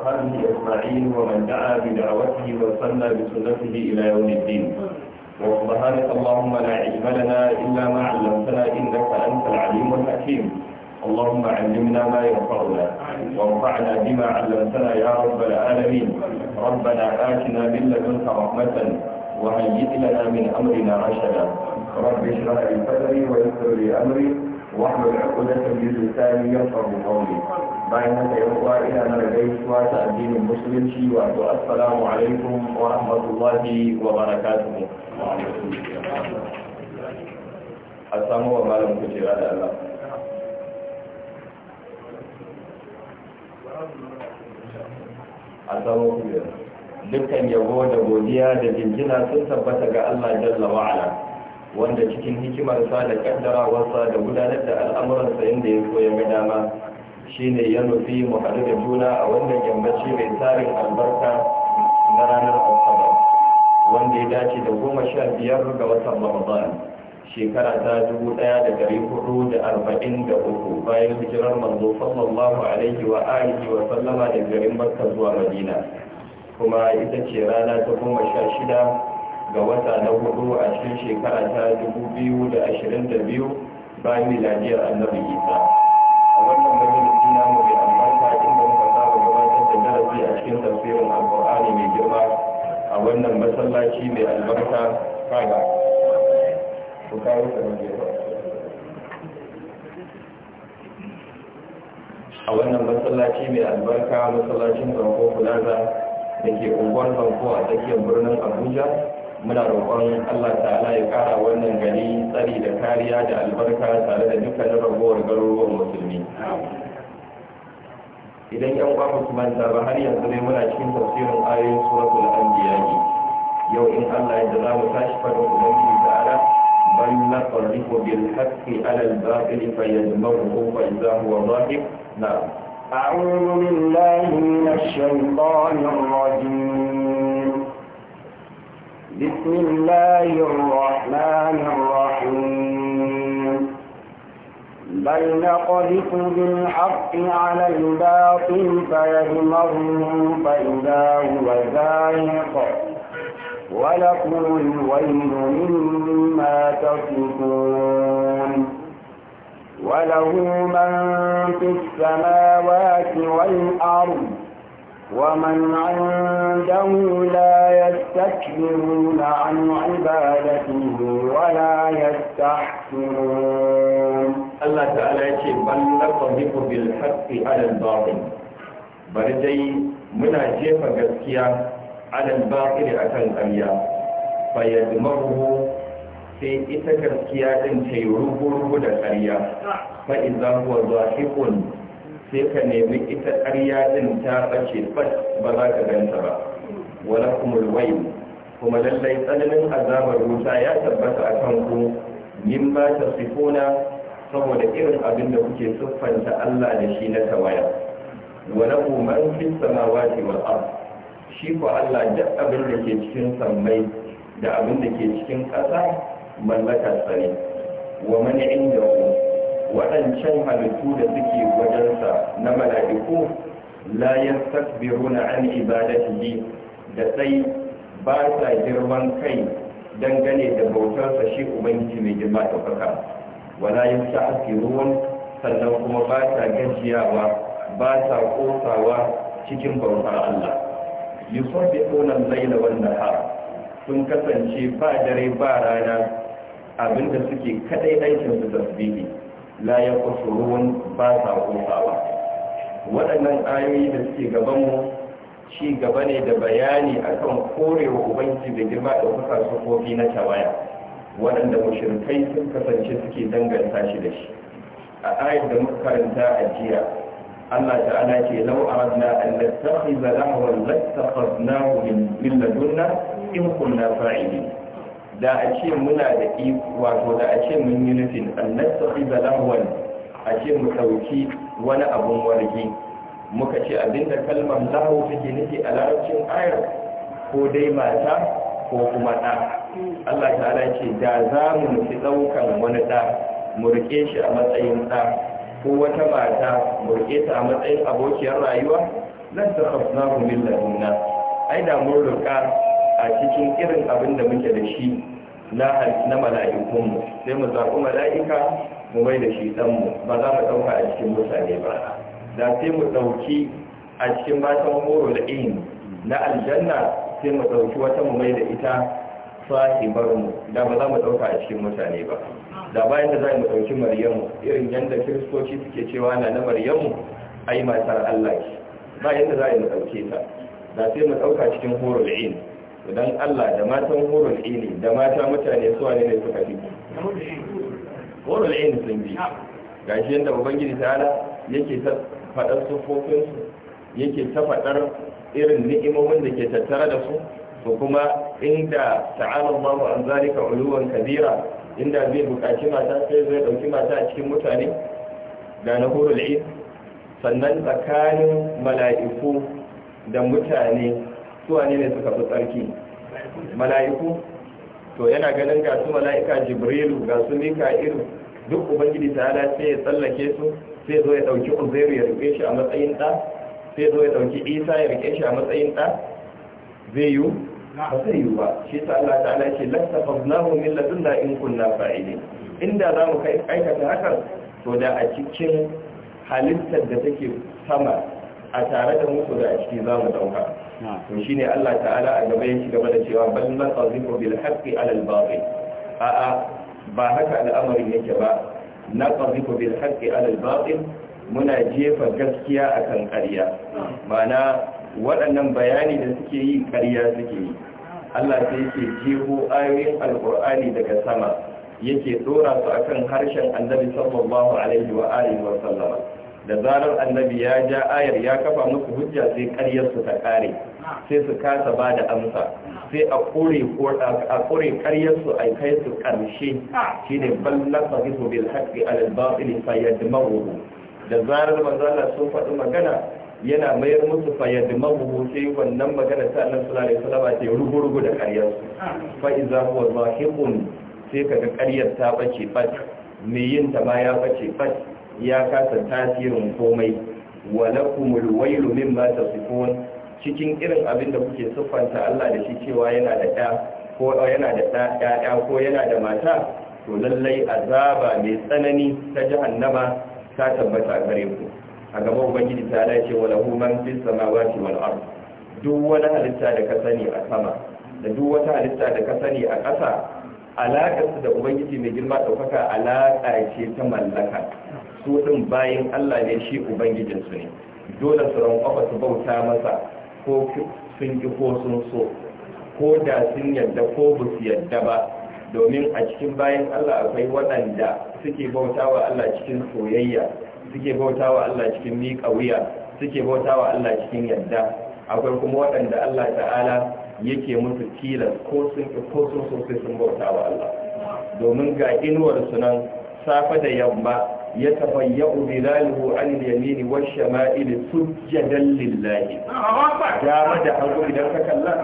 وأصحابه أجمعين ومن دعا بدعوته وصلى بسنته إلى يوم الدين وسبحانك اللهم لا علم لنا إلا ما علمتنا إنك أنت العليم الحكيم اللهم علمنا ما ينفعنا وانفعنا بما علمتنا يا رب العالمين ربنا آتنا من لدنك رحمة وهيئ لنا من أمرنا رشدا رب اشرح لي صدري ويسر لي أمري واحمد عقدة من لساني يفقه قولي bayan haka yau kuwa ina mana gaisuwa ta addinin musulunci wato assalamu alaikum wa rahmatullahi wa barakatuh a samu wa malam kujera da Allah a samu kujera dukkan yabo da godiya da jinjina sun tabbata ga Allah jalla wa'ala wanda cikin hikimarsa da kaddarawarsa da gudanar da al'amuransa inda ya so ya ga dama shi ne ya nufi mu da juna a wannan yammaci mai tarin albarka na ranar asaba wanda ya dace da goma sha biyar ga watan ramadan shekara ta dubu ɗaya da dari hudu da arba'in da uku bayan hijirar manzo sallallahu alaihi wa alihi wa sallama da garin makka zuwa madina kuma ita ce rana ta goma sha shida ga wata na hudu a cikin shekara ta dubu biyu da ashirin da biyu bayan miladiyar annabi isa wannan masallaci mai albarka kada ku kawo a wannan masallaci mai albarka masallacin zanko Fulaza da ke unguwar zanko a tsakiyar birnin abuja muna roƙon allah ta'ala ya ƙara wannan gari tsari da kariya da albarka tare da dukkanin ragowar garuruwan musulmi idan yan uwa musu manta ba har yanzu ne muna cikin tafsirin ayoyin suratul anbiya yau in Allah ya za mu tashi fadin ubangiji ta'ala bal naqrifu bil haqqi ala al batil fayadmahu fa idza huwa zahib na a'udhu billahi minash الشيطان rajim بسم الله الرحمن الرحيم بل نقذف بالحق على الباطل فيدمره فإذا هو زاهق ولكم الويل مما تصفون وله من في السماوات والأرض ومن عنده لا يستكبرون عن عبادته ولا يستحسرون Allah ta'ala ya ce ballakon hiku bil haqqi alal batil bari dai muna jefa gaskiya alal batil akan ƙarya fa yadmahu sai ita gaskiya din ta yi rugu da ƙarya fa idza huwa sai ka nemi ita ƙarya din ta bace fat ba za ka ganta ba wala kumul wayl kuma lallai tsananin azabar wuta ya tabbata akan ku min ba ta sifona saboda irin abin da kuke siffanta Allah da shi na tawaya wa lahu man fi samawati wal ard shi ko Allah da abin da ke cikin sammai da abin da ke cikin ƙasa mallakar sa ne wa man indahu waɗancan halittu da suke wajensa na mala'iku la yastakbiruna an ibadatihi da sai ba sa girman kai dangane da bautarsa shi ubangiji mai girma ɗaukaka wala yin sha'afi ruwan sannan kuma ba ta gajiyawa ba ta kosawa cikin bauta Allah yusabbihuna al-laila wan nahar sun kasance ba dare ba rana abinda suke kadai aikin su tasbihi la ruwan ba ta kosawa waɗannan ayoyi da suke gabanmu mu ci gaba ne da bayani akan korewa ubangiji da girma da kusa sufofi na tawaya waɗanda mushrikai sun kasance suke danganta shi da shi a ayar da makaranta a jiya Allah ta'ala ce lau aradna an nattakhidha lahwan lattakhadnahu min ladunna in kunna fa'ilin da a ce muna da iko wato da a ce mun yi nufin an nattakhidha lahwan a ce mu dauki wani abun wargi muka ce abinda kalmar lahu take nufi a larabcin ayar ko dai mata ko kuma ɗa Allah ta'ala ce da za mu nufi ɗaukan wani ɗa mu riƙe shi a matsayin ɗa ko wata mata mu rike ta a matsayin abokiyar rayuwa Nan ta hafna mu min ai da mun riƙa a cikin irin abin da muke da shi na na mala'ikunmu sai mu zaɓi mala'ika mu mai da shi ɗanmu ba za mu ɗauka a cikin mutane ba da sai mu ɗauki a cikin matan horo da ihin na aljanna sai mu ɗauki wata mu mai da ita sahibarmu da ba za mu ɗauka a cikin mutane ba da bayan da za mu ɗauki maryamu irin yadda kiristoci suke cewa na na maryamu ai matar allah ce ba yadda za mu ɗauke ta da sai mu ɗauka cikin horul in idan allah da matan horul in da mata mutane suwa ne ne suka fi horul in sun bi Ga shi yadda ubangiji ta'ala yake ta faɗar sufofinsu yake ta faɗar irin ni'imomin da ke tattare da su to kuma inda ta'ala Allahu an zalika uluwan kabira inda zai bukaci mata sai zai dauki mata a cikin mutane da na hurul sannan tsakanin mala'iku da mutane su wane ne suka fi tsarki mala'iku to yana ganin ga su mala'ika jibrilu ga su mika'ilu duk ubangiji ta'ala sai ya tsallake su sai zo ya dauki uzairu ya rufe shi a matsayin ɗa sai zo ya ɗauki isa ya rike shi a matsayin ɗan zai yi ba zai yi ba shi sa Allah ta'ala ce mu min ladunna in kunna fa'ilin inda za mu kai aikata hakan to da a cikin halittar da take sama a tare da mutu da a ciki za mu dauka to shine Allah ta'ala a gaba ya ci gaba da cewa bal man qazifu bil haqqi ala al a'a ba haka al'amarin yake ba na qazifu bil haqqi ala al muna jefa gaskiya a kan ƙarya mana waɗannan bayani da suke yi ƙarya suke yi Allah sai ke jeho ayoyin alƙur'ani daga sama yake dora su kan harshen annabi sallallahu alaihi wa alihi wa sallama da zarar annabi ya ja ayar ya kafa musu hujja sai ƙaryar su ta ƙare. sai su kasa ba da amsa sai a kore a kore ƙaryar su a kai su ƙarshe shine ballasa bisu bil haqqi al batil fa yadmaruhu da zarar manzo Allah sun faɗi magana yana mayar musu fa yadmahu sai wannan magana ta Allah sallallahu alaihi wasallam ta rugurugu da ƙaryar su fa huwa zahiqun sai kaga ƙaryar ta bace bat mai yin ta ma ya bace bat ya kasa tasirin komai walakumul wailu mimma tasifun cikin irin abin da kuke siffanta Allah da shi cewa yana da ɗa ko yana da ɗa ko yana da mata to lallai azaba mai tsanani ta jahannama ta tabbata a gare ku a gaban ubangiji ta dace wa lahu man fi samawati wal ard duk wani halitta da ka sani a sama da duk wata halitta da ka sani a ƙasa alaƙar su da ubangiji mai girma ɗaukaka alaƙa ce ta mallaka su ɗin bayan Allah ne shi ubangijin su ne dole su ran su bauta masa ko sun ki ko sun so ko da sun yadda ko ba su yadda ba domin a cikin bayan Allah akwai waɗanda suke bautawa Allah cikin soyayya suke bautawa Allah cikin miƙa wuya suke bautawa Allah cikin yadda akwai kuma waɗanda Allah ta'ala yake musu tilas ko sun ko sun so sai sun bautawa Allah domin ga inuwar sunan safa da yamma يتفيأ ظلاله عن اليمين والشمائل سجدا لله جامد idan ka كلا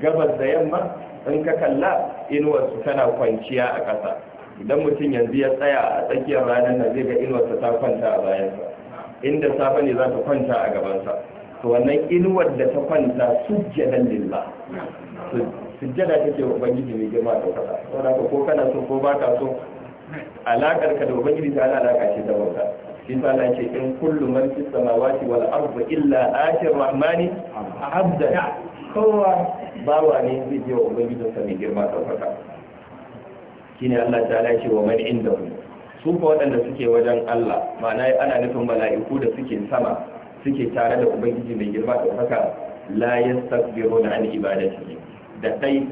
قبل da yamma in ka kalla inuwarsu tana kwanciya a ƙasa idan mutum yanzu ya tsaya a tsakiyar ranar nan zai ga inuwarsa ta kwanta a bayansa inda safe ne za ta kwanta a gabansa to wannan inuwar da ta kwanta sujjadan su sujjada take wa ubangiji mai girma da kasa saboda ko kana so ko baka so alakar ka da ubangiji ta ala alaka ce da bauta shi ta Allah ce in kullum man fis samawati wal ardi illa atir rahmani abda kowa bawa ne zai je wa ubangijinsa mai girma da kasa shine Allah ta ala ce wa man inda su ko waɗanda suke wajen Allah ma'ana ana nufin mala'iku da suke sama suke tare da ubangiji mai girma da haka la yastakbiruna an ibadatihi da kai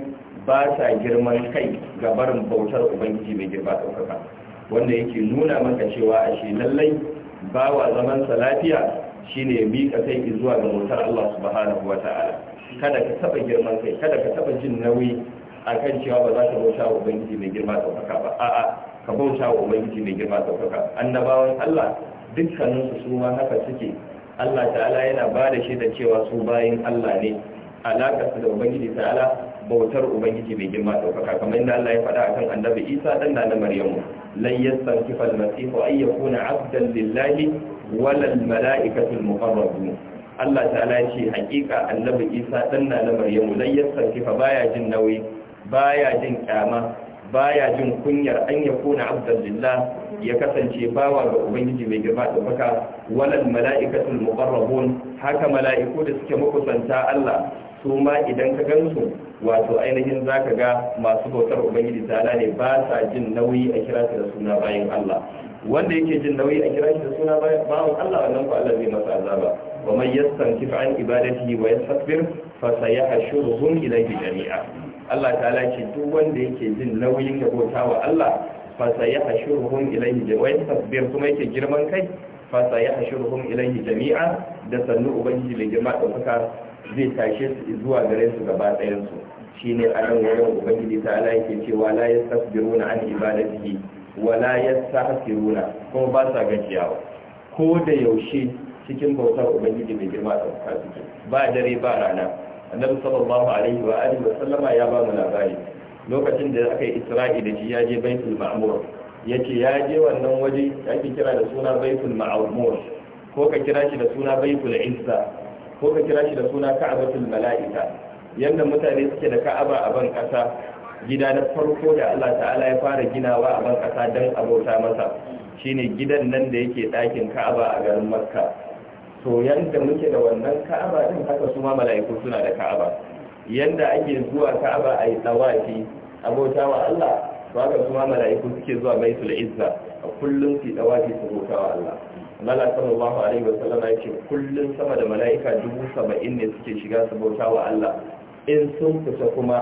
ba sa girman kai ga barin bautar ubangiji mai girma da haka wanda yake nuna maka cewa a shi lallai bawa zaman sa lafiya shine ya mika kai zuwa ga bautar Allah subhanahu wataala kada ka taba girman kai kada ka taba jin nauyi kan cewa ba za ka bauta wa ubangiji mai girma ɗaukaka ba a'a ka bauta wa ubangiji mai girma ɗaukaka annabawan Allah dukkaninsu su ma haka suke Allah ta'ala yana ba da shi da cewa su bayin Allah ne alaƙa su da ubangiji ta'ala bautar ubangiji mai girma ɗaukaka kamar yadda Allah ya faɗa akan annabi Isa ɗan da na Maryamu lan yastankifa al-masih an yakuna 'abdan lillahi wala al-mala'ikatu al-muqarrabun Allah ta'ala ya ce haƙiƙa annabi Isa ɗan na Maryamu lan yastankifa baya jin nauyi baya jin kyama baya jin kunyar an ya kona abdallillah ya kasance bawa ga ubangiji mai girma da baka walal mala'ikatul muqarrabun haka mala'iku da suke makusanta Allah su ma idan ka gansu wato ainihin zaka ga masu bautar ubangiji ta'ala ne ba sa jin nauyi a kira da suna bayan Allah wanda yake jin nauyi a kira da suna bawon Allah wannan ko Allah zai masa azaba wa man yastankif an ibadatihi wa yastakbir fa sayahshuruhum ilayhi jami'a Allah ta laki duk wanda yake jin nauyin da bauta wa Allah fasa ya ashuruhum ilaihi jami'a tasbir kuma yake girman kai fasa ya ashuruhum ilaihi jami'a da sannu ubangiji da da suka zai tashe su zuwa gare su gaba ɗayan su shine a nan wurin ubangiji ta ala yake cewa la yastakbiruna an ibadatihi wa la yastahsiruna kuma ba sa gajiya. ko da yaushe cikin bautar ubangiji mai girma da suka ba dare ba rana annabi sallallahu alaihi wa alihi wa sallama ya ba mu labari lokacin da aka yi isra'i da shi ya je baitul ma'mur yace ya je wannan waje yake kira da suna baitul ma'mur ko ka kira shi da suna baitul izza ko ka kira shi da suna ka'abatul mala'ika yanda mutane suke da ka'aba a ban kasa gida na farko da Allah ta'ala ya fara ginawa a ban kasa don abota masa shine gidan nan da yake ɗakin ka'aba a garin makka to yadda muke da wannan ka'aba din haka su ma mala'iku suna da ka'aba yanda ake zuwa ka'aba a yi tsawafi abota wa Allah to haka su ma mala'iku suke zuwa baitul izza a kullum su tsawafi su bauta wa Allah Allah sallallahu alaihi wa ya yake kullum sama da mala'ika dubu saba'in ne suke shiga su bauta wa Allah in sun fita kuma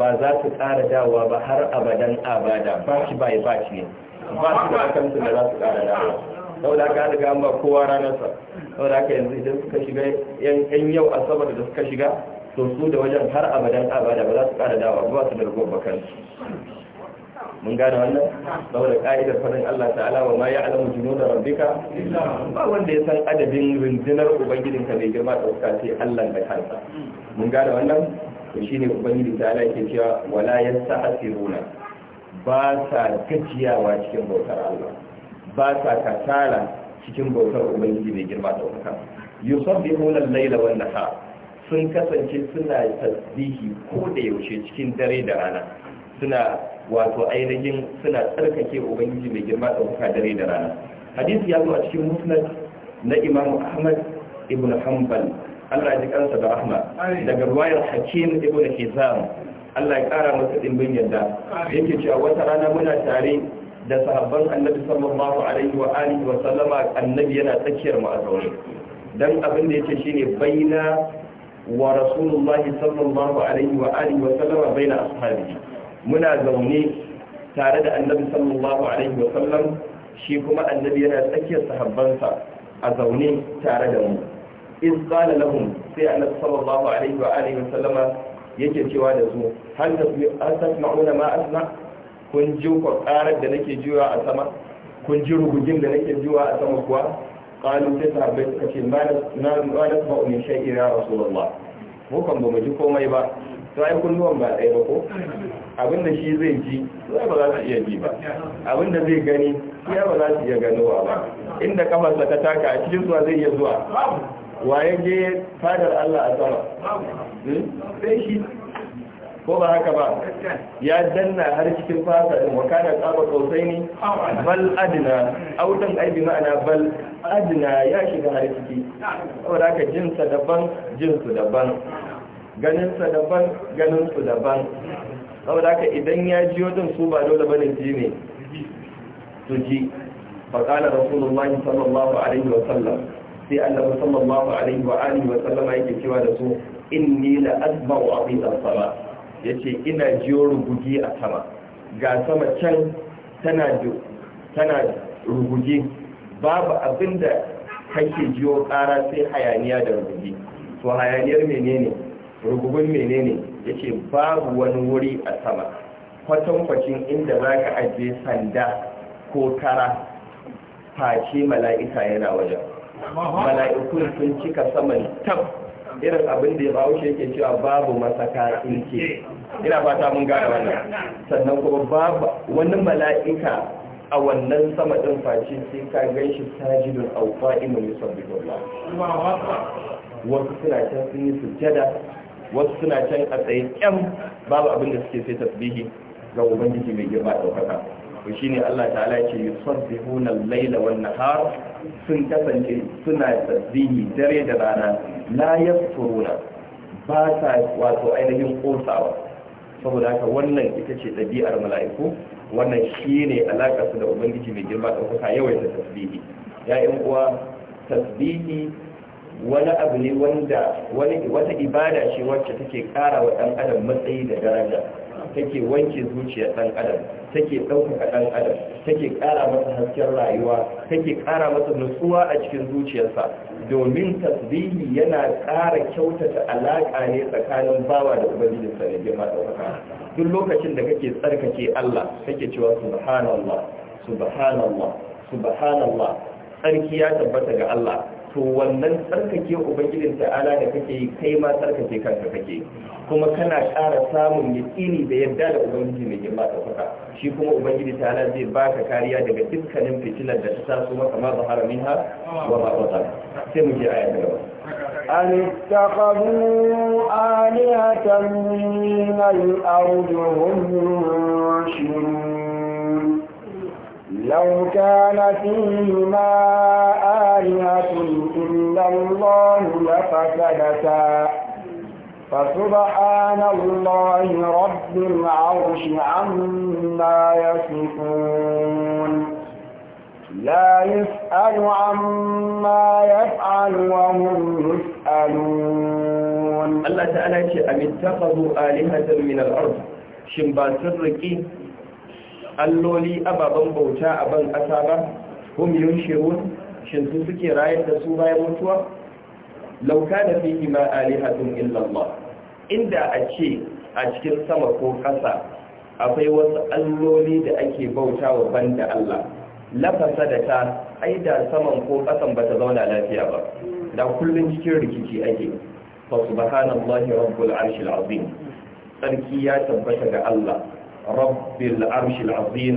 ba za su ƙara dawowa ba har abadan abada ba shi ya ba shi ne ba su da kansu da za su ƙara dawowa saboda ka riga an ba kowa ranarsa saboda ka yanzu idan suka shiga yan yau asabar da suka shiga to su da wajen har abadan abada ba za su kara dawa ba su da ba kan mun gane wannan saboda ka'idar fadin Allah ta'ala wa ma ya'lamu junuda rabbika ba wanda ya san adadin rundunar ubangijinka mai girma da wuka sai Allah da kansa mun gane wannan to shine ubangiji ta'ala yake cewa wala yasta'siruna ba sa gajiyawa cikin bautar Allah ba sa kasala cikin bautar ubangiji mai girma da wuka yusabbihuna al-laila wan naha sun kasance suna tasbihi ko da yaushe cikin dare da rana suna wato ainihin suna tsarkake ubangiji mai girma da wuka dare da rana hadisi ya zo a cikin musnad na imam ahmad ibn hanbal Allah ya ji kansa da rahma daga ruwayar hakim ibn hizam Allah ya kara masa dimbin yadda yake cewa wata rana muna tare da sahabban annabi sallallahu alaihi wa alihi wa sallama annabi yana tsakiyar mu a zaune dan abin da yake shine baina wa rasulullahi sallallahu alaihi wa alihi wa sallama baina ashabihi muna zaune tare da annabi sallallahu alaihi wa sallam shi kuma annabi yana tsakiyar sahabbansa a zaune tare da mu in qala lahum sai annabi sallallahu alaihi wa alihi wa sallama yake cewa da su hal tasma'una ma asma' kun ji kwakarar da nake jiwa a sama kun ji rugujin da nake jiwa a sama kuwa qalu ta sahabbai suka ce ma na ma na ba min shay'i ya rasulullah mu kan ba mu ji komai ba to ai kulluwan ba ɗaya ba ko abinda shi zai ji sai ba za su iya ji ba abinda zai gani sai ba za su iya ganowa ba inda kafarsa ta taka a cikin zuwa zai iya zuwa waye je fadar Allah a sama hmm? sai shi ko ba haka ba ya danna har cikin fasa din wakana tsaba sosai ne bal adina audan aibi bi ma'ana bal adina ya shiga har ciki saboda haka jin sa daban jin su daban ganin sa daban ganin su daban saboda haka idan ya ji wajen su ba dole bane ji ne su ji faƙala rasulullahi sallallahu alaihi wa sallam sai annabi sallallahu alaihi wa alihi wa sallama yake cewa da su inni la asba'u aqida salat ya ce ina jiyo rugugi a sama ga sama can tana rugugi babu abin da kake jiyo ƙara sai hayaniya da rugugi to hayaniyar menene rugugun menene ya ce babu wani wuri a sama kwatankwacin inda za ka ajiye sanda ko kara face mala'ika yana wajen mala'ikun sun cika saman tab irin abin da ya wuce yake cewa babu masaka inke ina fata mun gane wannan sannan kuma babu wani mala'ika a wannan sama din face sai ka ganshi sajidun aw qa'imun yusabbihu Allah wasu suna can sun yi sujada wasu suna can a tsaye kyam babu abin da suke sai tasbihi ga ubangiji mai girma daukaka shi ne Allah ta'ala ya ce yusabbihuna al-laila wan-nahar sun kasance suna tasbihi dare da rana la yasfuruna ba sa wato ainihin kosawa saboda haka wannan ita ce ɗabi'ar mala'iku wannan shine alaƙa su da ubangiji mai girma ɗaukaka yawaita tasbihi ya uwa tasbihi wani abu ne wanda wata ibada ce wacce take kara wa ɗan adam matsayi da daraja take wanke zuciyar ɗan adam take ɗaukaka ɗan adam take kara masa hasken rayuwa take kara masa nutsuwa a cikin zuciyarsa domin tasbihi yana ƙara kyautata alaƙa ne tsakanin bawa da ubangijinsa da girma ɗaukaka duk lokacin da kake tsarkake Allah kake cewa subhanallah subhanallah subhanallah tsarki ya tabbata ga Allah to wannan tsarkake ubangijin ta'ala da kake yi kai ma tsarkake kanka kake kuma kana ƙara samun yaƙini da yadda da ubangiji mai girma ta kuka shi kuma ubangiji ta'ala zai baka kariya daga dukkanin fitilar da ta taso maka ma zahara minha wa ma sai mu je aya ta gaba an taqabu alihatan min al-ardh hum لو كان فيهما آلهة إلا الله لفسدتا فسبحان الله رب العرش عما يصفون لا يسأل عما يفعل وهم يسألون الله تعالى أم اتخذوا آلهة من الأرض شنبا سرقي alloli ababen bauta a ban ƙasa ba hum yunshirun shin su suke rayar da su bayan mutuwa lauka da fihi ma alihatun illallah inda a ce a cikin sama ko ƙasa akwai wasu alloli da ake bauta wa banda Allah lafasa da ta ai da saman ko ƙasan ba ta zauna lafiya ba da kullum cikin rikici ake fa subhanallahi rabbul arshil azim sarki ya tabbata ga Allah rabbil arshil azim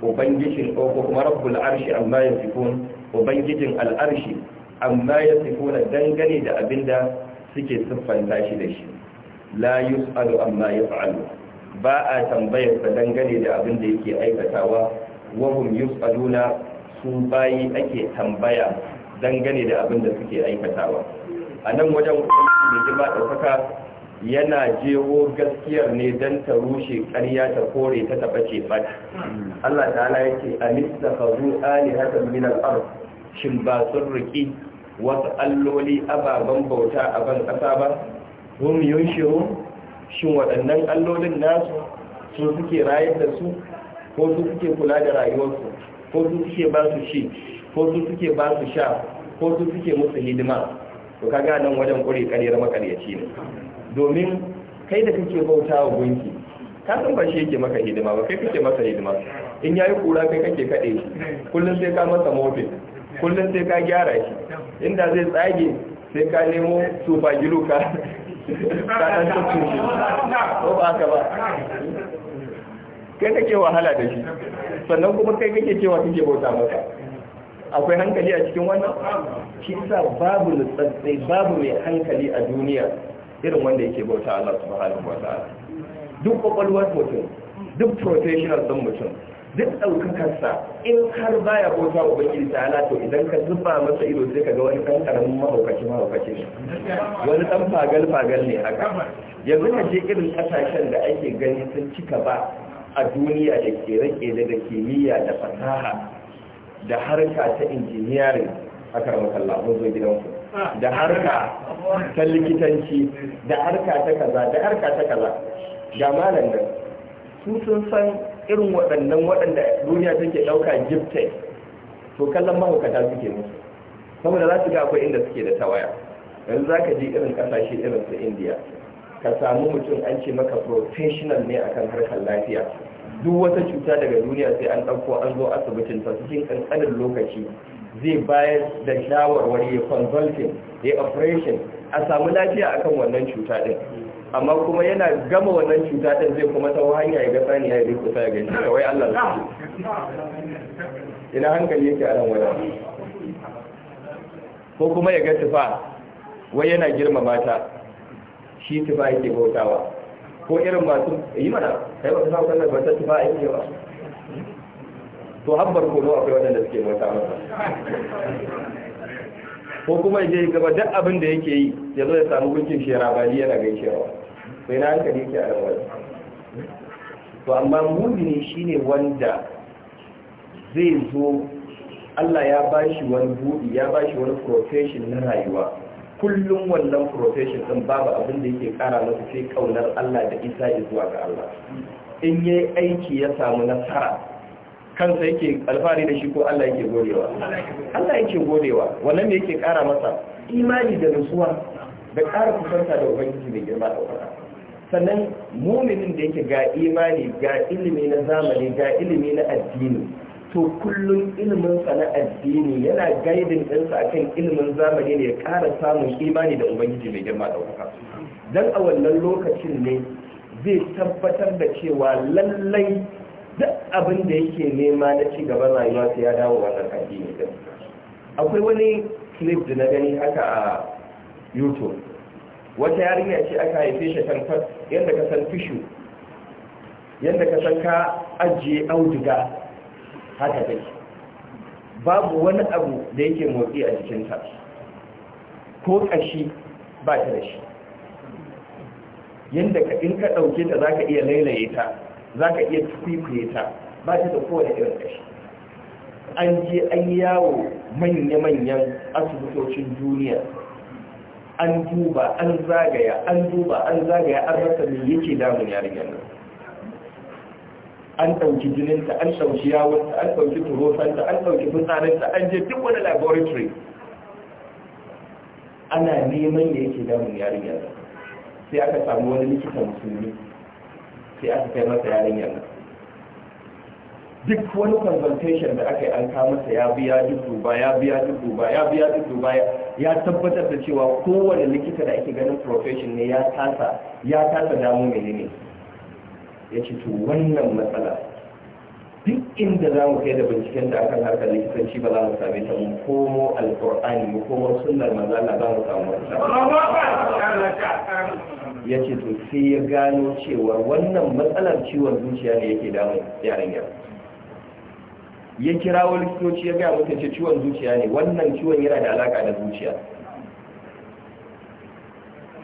ubangijin ko kuma rabbul arshi amma yasifun ubangijin al'arshi amma yasifuna dangane da abinda suke siffanta shi da shi la yus'alu amma yaf'alu ba a tambayar sa dangane da abinda yake aikatawa wa hum yus'aluna su bayi ake tambaya dangane da abinda suke aikatawa a nan wajen da jima ɗaukaka yana jeho gaskiyar ne don ta rushe ƙarya ta kore ta taɓa ce fata Allah ta'ala ya ce a nista faru ali hasan min al'ar shin ba sun riƙi wasu alloli ababen bauta a ban ƙasa ba hum yunshiru shin waɗannan allolin nasu su suke rayar da su ko su suke kula da rayuwarsu ko su suke ba su shi ko su suke ba su sha ko su suke musu hidima to kaga nan wajen ƙure ƙarya makaryaci ne domin kai da kake bauta wa gunki ka san ba shi yake maka hidima ba kai kake masa hidima in yayi kura kai kake kade shi kullun sai ka masa mofe kullun sai ka gyara shi inda zai tsage sai ka nemo tufa gilu ka ka dan tsotsin shi ko ba ka ba kai kake wahala da shi sannan kuma kai kake cewa kake bauta masa akwai hankali a cikin wannan shi sa babu babu mai hankali a duniya irin wanda yake bauta Allah subhanahu wata'ala duk kwakwalwar mutum duk professional ɗin mutum duk ɗaukakarsa in har baya bauta wa ta ala to idan ka zuba masa ido sai ka ga wani ɗan ƙaramin mahaukaci mahaukaci wani ɗan fagal fagal ne haka yanzu ka je irin ƙasashen da ake gani sun cika ba a duniya da ƙere-ƙere da kimiyya da fasaha da harka ta injiniyarin a karamar Allah mun zo da harka ta likitanci da harka ta kaza da harka ta kaza ga malam nan su sun san irin waɗannan waɗanda duniya take ɗauka gifte to kallon mahaukata suke musu saboda za su ga akwai inda suke da tawaya yanzu za ka ji irin ƙasashe irin su indiya ka samu mutum an ce maka professional ne akan harkar lafiya duk wata cuta daga duniya sai an ɗauko an zo asibitin ta cikin ƙanƙanin lokaci zai bayar da shawarwari ya consulting ya operation a samu lafiya akan wannan cuta din amma kuma yana gama wannan cuta din zai kuma ta hanya ya ga sani ya yi kusa ga shi wai Allah ya ina hankali yake a ran wani ko kuma ya ga tufa wai yana girma mata shi tufa yake bautawa ko irin masu yi mana kai ba ta sa kallon ba tufa yake ba to habbar kono akwai wadanda suke bauta masa ko kuma ya je gaba duk abin da yake yi ya zo ya samu gunkin shera ni yana gaishewa sai na hankali yake a to amma mumini shine wanda zai zo Allah ya bashi wani buɗi ya bashi wani profession na rayuwa kullum wannan profession din babu abin da yake kara masa sai kaunar Allah da isa zuwa ga Allah in yayi aiki ya samu nasara kansa yake alfahari da shi ko Allah yake godewa Allah yake godewa wannan ne yake kara masa imani da nutsuwa da kara kusanta da ubangiji mai girma da ubangiji sannan muminin da yake ga imani ga ilimi na zamani ga ilimi na addini to kullum ilimin sa na addini yana gaidin sa akan ilimin zamani ne ya kara samun imani da ubangiji mai girma da ubangiji dan a wannan lokacin ne zai tabbatar da cewa lallai duk abin da yake nema na ci gaban rayuwa sai ya dawo wannan addini ne akwai wani clip da na gani haka a youtube wata yarinya ce aka haife shi kan yadda ka san fishu yadda ka san ka ajiye auduga haka dai babu wani abu da yake motsi a jikinta ko ƙashi ba ta da shi yadda in ka ɗauke ta za ka iya lailaye ta za ka iya kwikwiye ta ba ta da kowane irin kashi an je an yawo manya-manyan asibitocin duniya an duba an zagaya an duba an zagaya an rasa me yake damun yarinyar nan an ɗauki jininta an ɗauki yawonta an ɗauki turofanta an ɗauki fitsarinta an je duk wani laboratory ana neman da yake damun yarinyar sai aka samu wani likita musulmi sai aka kai masa yarinyar yana duk wani consultation da aka yi an kama masa ya biya duk duba ya biya duk duba ya biya duk duba ya tabbatar da cewa kowane likita da ake ganin profession ne ya tasa ya tasa damu menene ya ce to wannan matsala duk inda za mu kai da binciken da akan harkar likitanci ba za mu same ta mu komo alkur'ani mu komo sunnar mazala za mu samu wata ya ce to sai ya gano cewa wannan matsalar ciwon zuciya ne yake damun yarinyar ya kira kirawo likitoci ya gaya mutum ce ciwon zuciya ne wannan ciwon yana da alaka da zuciya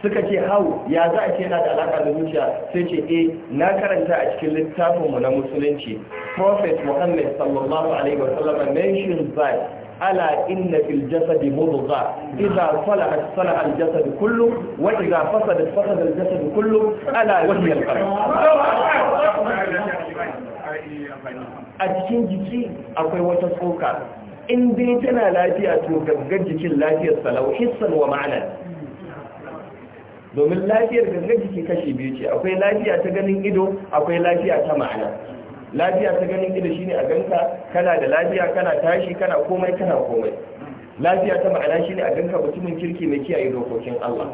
suka ce hau ya za a ce yana da alaka da zuciya sai ce e na karanta a cikin littafinmu na musulunci prophet muhammad sallallahu alaihi wasallam mentions that ala inna fil jasadi mudgha idza salahat salaha al jasad kullu wa idza fasadat fasada al jasad kullu ala wa hiya al qalb a cikin jiki akwai wata tsoka in dai tana lafiya to gangan jikin lafiyar salau hissan wa ma'anar domin lafiyar gangan jiki kashi biyu ce akwai lafiya ta ganin ido akwai lafiya ta ma'ana lafiya ta ganin ido shine a ganka kana da lafiya kana tashi kana komai kana komai lafiya ta ma'ana shine a ganka mutumin kirki mai kiyaye dokokin Allah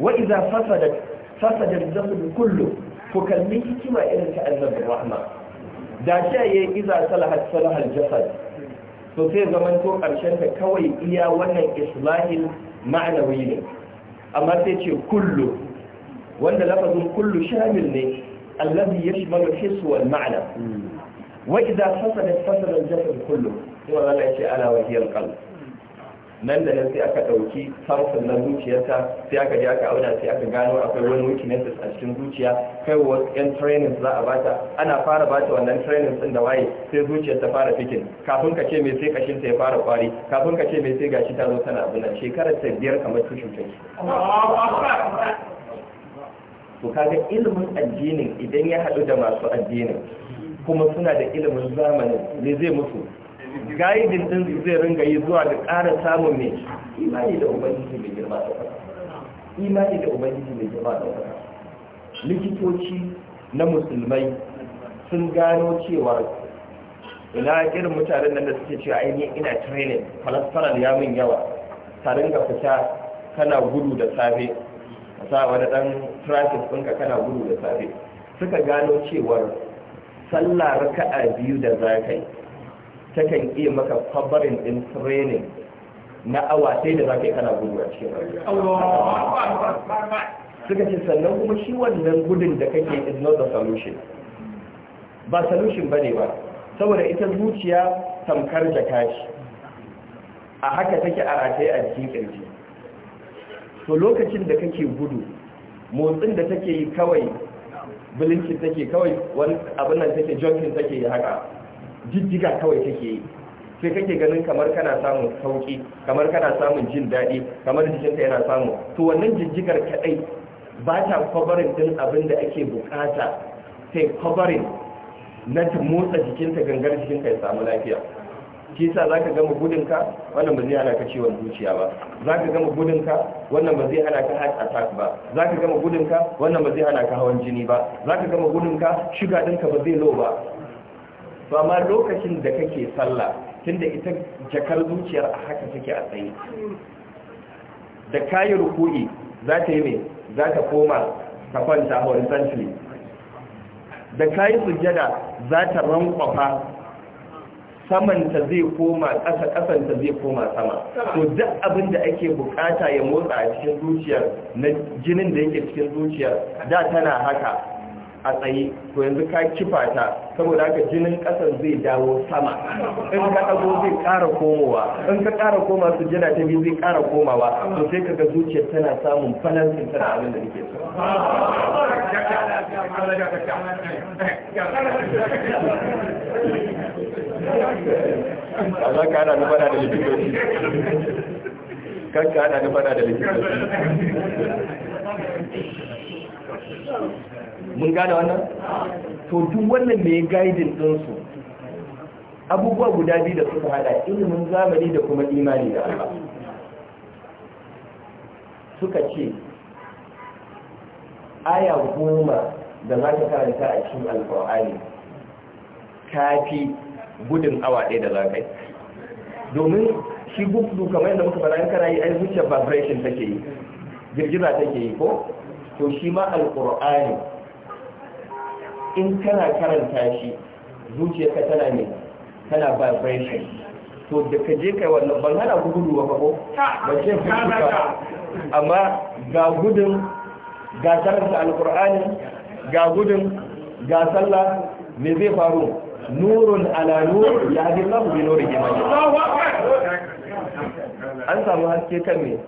wa idza fasada al-zambu kullu ku kalli hikima irin ta annabi rahma da ta yayi idza salahat salahal jasad to sai zaman to karshen ta kawai iya wannan islahin ma'anawi ne amma sai ce kullu wanda lafazin kullu shamil ne الذي يشمل الحس والمعنى وإذا فصلت فصل الجسد كله هو الله يشي ألا وهي القلب nan da nan sai aka ɗauki samfin na zuciyarsa sai aka je aka auna sai aka gano akwai wani weaknesses a cikin zuciya kai wa yan trainings za a bata ana fara bata wannan trainings din da waye sai zuciyar ta fara fikin kafin ka ce me sai kashin ta ya fara kwari kafin ka ce me sai gashi ta zo tana abin nan shekarar ta biyar kamar tushen take to kaga ilimin addini idan ya haɗu da masu addini kuma suna da ilimin zamani ne zai musu gaidin din zai ringa yi zuwa da ƙara samun mai imani da ubangiji mai girma da ƙasa imani da ubangiji mai girma da likitoci na musulmai sun gano cewa ina irin mutanen nan da suke cewa ainihin ina training Falastaral ya min yawa Ta ringa fita kana gudu da safe A sa wani dan traffic ɗinka kana gudu da safe suka gano cewar sallah raka'a biyu da za ka yi takan iya maka kwabarin din training na awa sai da za ka kana gudu a cikin suka ce sannan kuma shi wannan gudun da kake is not the solution ba solution ba ne ba saboda ita zuciya tamkar jaka ce a haka take a rataye a jikin jikin to lokacin da kake gudu motsin da take yi kawai bilinkin take kawai wani abin nan take jonkin take yi haka jijjiga kawai take yi sai kake ganin kamar kana samun sauki kamar kana samun jin daɗi kamar jikinta yana samu to wannan jijjigar kaɗai ba ta kwabarin din abin da ake bukata sai kwabarin na motsa jikinta gangar jikinta ya samu lafiya shi za ka gama gudunka wannan ba zai hana ka ciwon zuciya ba Za ka gama gudunka wannan ba zai hana ka heart attack ba Za ka gama gudunka wannan ba zai hana ka hawan jini ba Za ka gama gudunka shuga ɗinka ba zai low ba to amma lokacin da kake sallah tunda ita jakar zuciyar a haka take a tsaye da kayi ruku'i za ta yi mai za ta koma ta kwanta horizontally da kayi sujjada za ta rankwafa samanta zai koma ƙasa ƙasanta zai koma sama to duk abin da ake bukata ya motsa a cikin zuciyar na jinin da yake cikin zuciyar da tana haka a tsaye to yanzu ka kifa ta saboda haka jinin ƙasar zai dawo sama in ka ɗago zai ƙara komowa in ka ƙara koma su jina ta biyu zai ƙara komawa to sai ka ga zuciyar tana samun balansin tana abin da nake so a za ka hana ni fada da likitoci kan ka ni fada da likitoci mun gane wannan to duk wannan mai gaidin ɗinsu abubuwa guda biyu da suka hada ilimin zamani da kuma imani da Allah suka ce aya goma da za ta karanta a cikin ta kafi gudun awa ɗaya da za domin shi gudu kamar yadda muka faɗa kana yi ai zuciyar vibration take yi girgiza take yi ko to shi ma alqur'ani in kana karanta shi zuciyarka tana ne tana vibration to da ka je kai wannan ban hana ku gudu ba ko ba ce ku ba amma ga gudun ga karanta alqur'ani ga gudun ga sallah me zai faru nurun ala nur ya hadi Allah bi nuri jama'a an samu haske kan me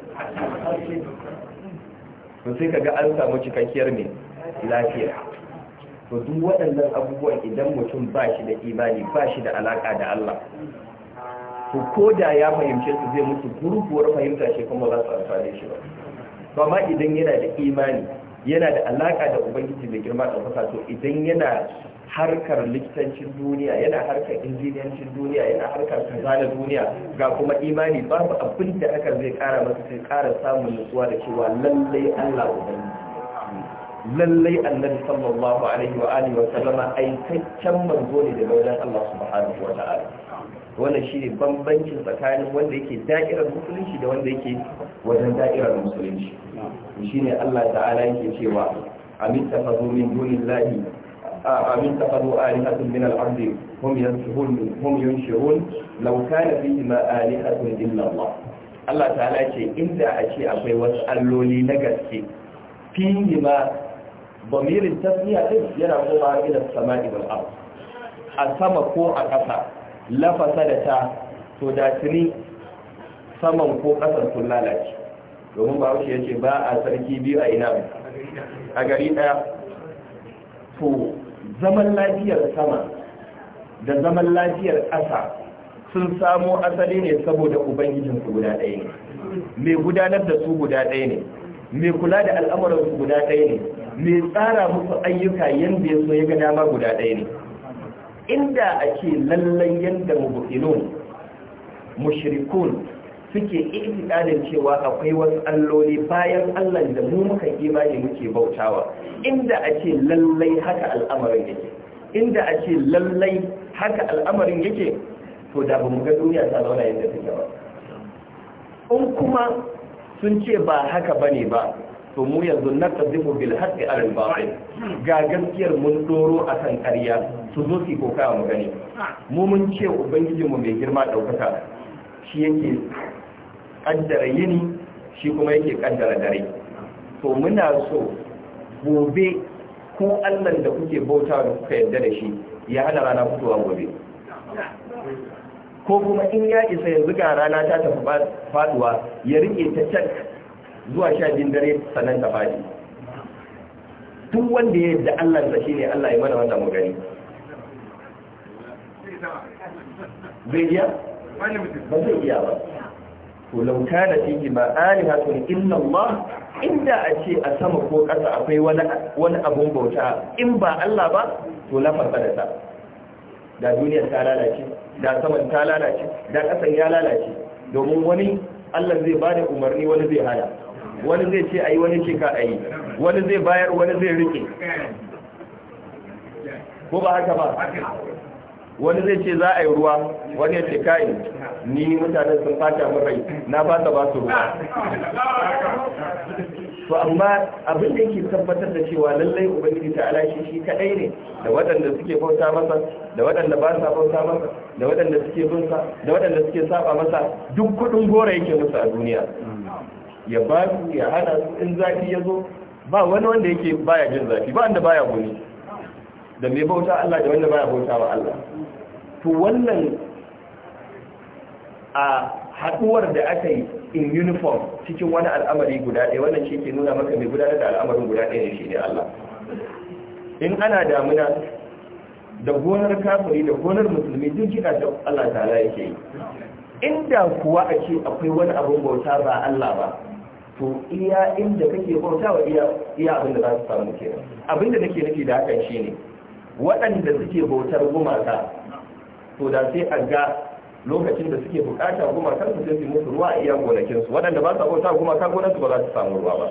to sai kaga an samu cikakkiyar me lafiya to duk waɗannan abubuwan idan mutum ba shi da imani ba shi da alaka da Allah to ko da ya fahimce su zai mutu gurguwar fahimta shi kuma za su amfane shi ba amma idan yana da imani yana da alaka da ubangiji mai girma da fasa to idan yana harkar likitancin duniya yana harkar injiniyancin duniya yana harkar kaza na duniya ga kuma imani babu abin da hakan zai kara masa sai kara samun nutsuwa da cewa lallai Allah ubangiji lallai annabi sallallahu alaihi wa alihi wa sallama aikaccen manzo ne da wajen Allah subhanahu wa ta'ala wannan shi ne bambancin tsakanin wanda yake da'irar musulunci da wanda yake wajen da'irar musulunci shi ne allah ta'ala yake cewa amin tafazo min dunin lahi amin tafazo alihatun min al'adu, hum yansuhun hum yunshirun law kana fihi ma alihatun illa allah allah ta'ala ce inda a ce akwai wasu alloli na gaske fihi ma bamirin tasmiya din yana koma ila sama'i wal ard a sama ko a ƙasa lafasa da ta to da tuni saman ko ƙasar sun lalace domin ba haushe ya ce ba a sarki biyu a ina a gari ɗaya to zaman lafiyar sama da zaman lafiyar ƙasa sun samo asali ne saboda ubangijinsu guda ɗaya ne mai gudanar da su guda ɗaya ne mai kula da al'amuransu guda ɗaya ne mai tsara musu ayyuka yadda ya so ya ga dama guda ɗaya ne inda ake lallai yadda mubinun, mushrikun suke ikidalin cewa akwai wasu alloli bayan allah da mu muka imani muke bautawa inda ake lallai haka al'amarin yake inda ake lallai haka al'amarin yake to da ba ga duniya ta zauna yadda take ba in kuma sun ce ba haka bane ba to mu yanzu na tazimu bil haqqi al ga gaskiyar mun doro akan ƙarya su zo su koka mu gani mu mun ce ubangiji mu mai girma daukaka shi yake kaddara yini shi kuma yake kaddara dare to muna so gobe ko Allah da kuke bauta da kuka yarda da shi ya hana rana fitowa gobe ko kuma in ya isa yanzu ga rana ta tafi faduwa ya rike ta zuwa sha biyun dare sannan ta faɗi tun wanda ya yadda Allah shi ne Allah ya mana wannan magani zai iya ba zai iya ba to lauta da fihi ma alihatun inna Allah inda a ce a sama ko ƙasa akwai wani abun bauta in ba Allah ba to la da ta da duniyar ta lalace da saman ta lalace da ƙasan ya lalace domin wani Allah zai bada umarni wani zai haya. wani zai ce ayi wani ce ka ayi wani zai bayar wani zai rike ko ba haka ba wani zai ce za a yi ruwa wani ya ce kai ni mutanen sun fata min rai na ta ba su ruwa to amma abin da yake tabbatar da cewa lallai ubangiji ta alashi shi kadai ne da waɗanda suke bauta masa da waɗanda ba sa bauta masa da waɗanda suke bin sa da waɗanda suke saba masa duk kuɗin gora yake musu a duniya ya ba su ya hana su in zafi ya zo ba wani wanda yake baya jin zafi ba wanda baya goni da mai bauta Allah da wanda baya bauta wa Allah to wannan a haduwar da aka yi in uniform cikin wani al'amari guda ɗaya wannan shi ke nuna maka mai gudanar da al'amarin guda ɗaya ne shi ne Allah in ana damuna da gonar kafiri da gonar musulmi duk kina da Allah ta'ala yake yi inda kuwa a akwai wani abin bauta ba Allah ba to iya inda kake bautawa iya iya abin da za su samu ke abin da nake da hakan shine waɗanda suke bautar gumaka to da sai a ga lokacin da suke bukata gumaka su sai su musu ruwa a iya gonakin su waɗanda ba sa bauta gumaka gonar su ba za su samu ruwa ba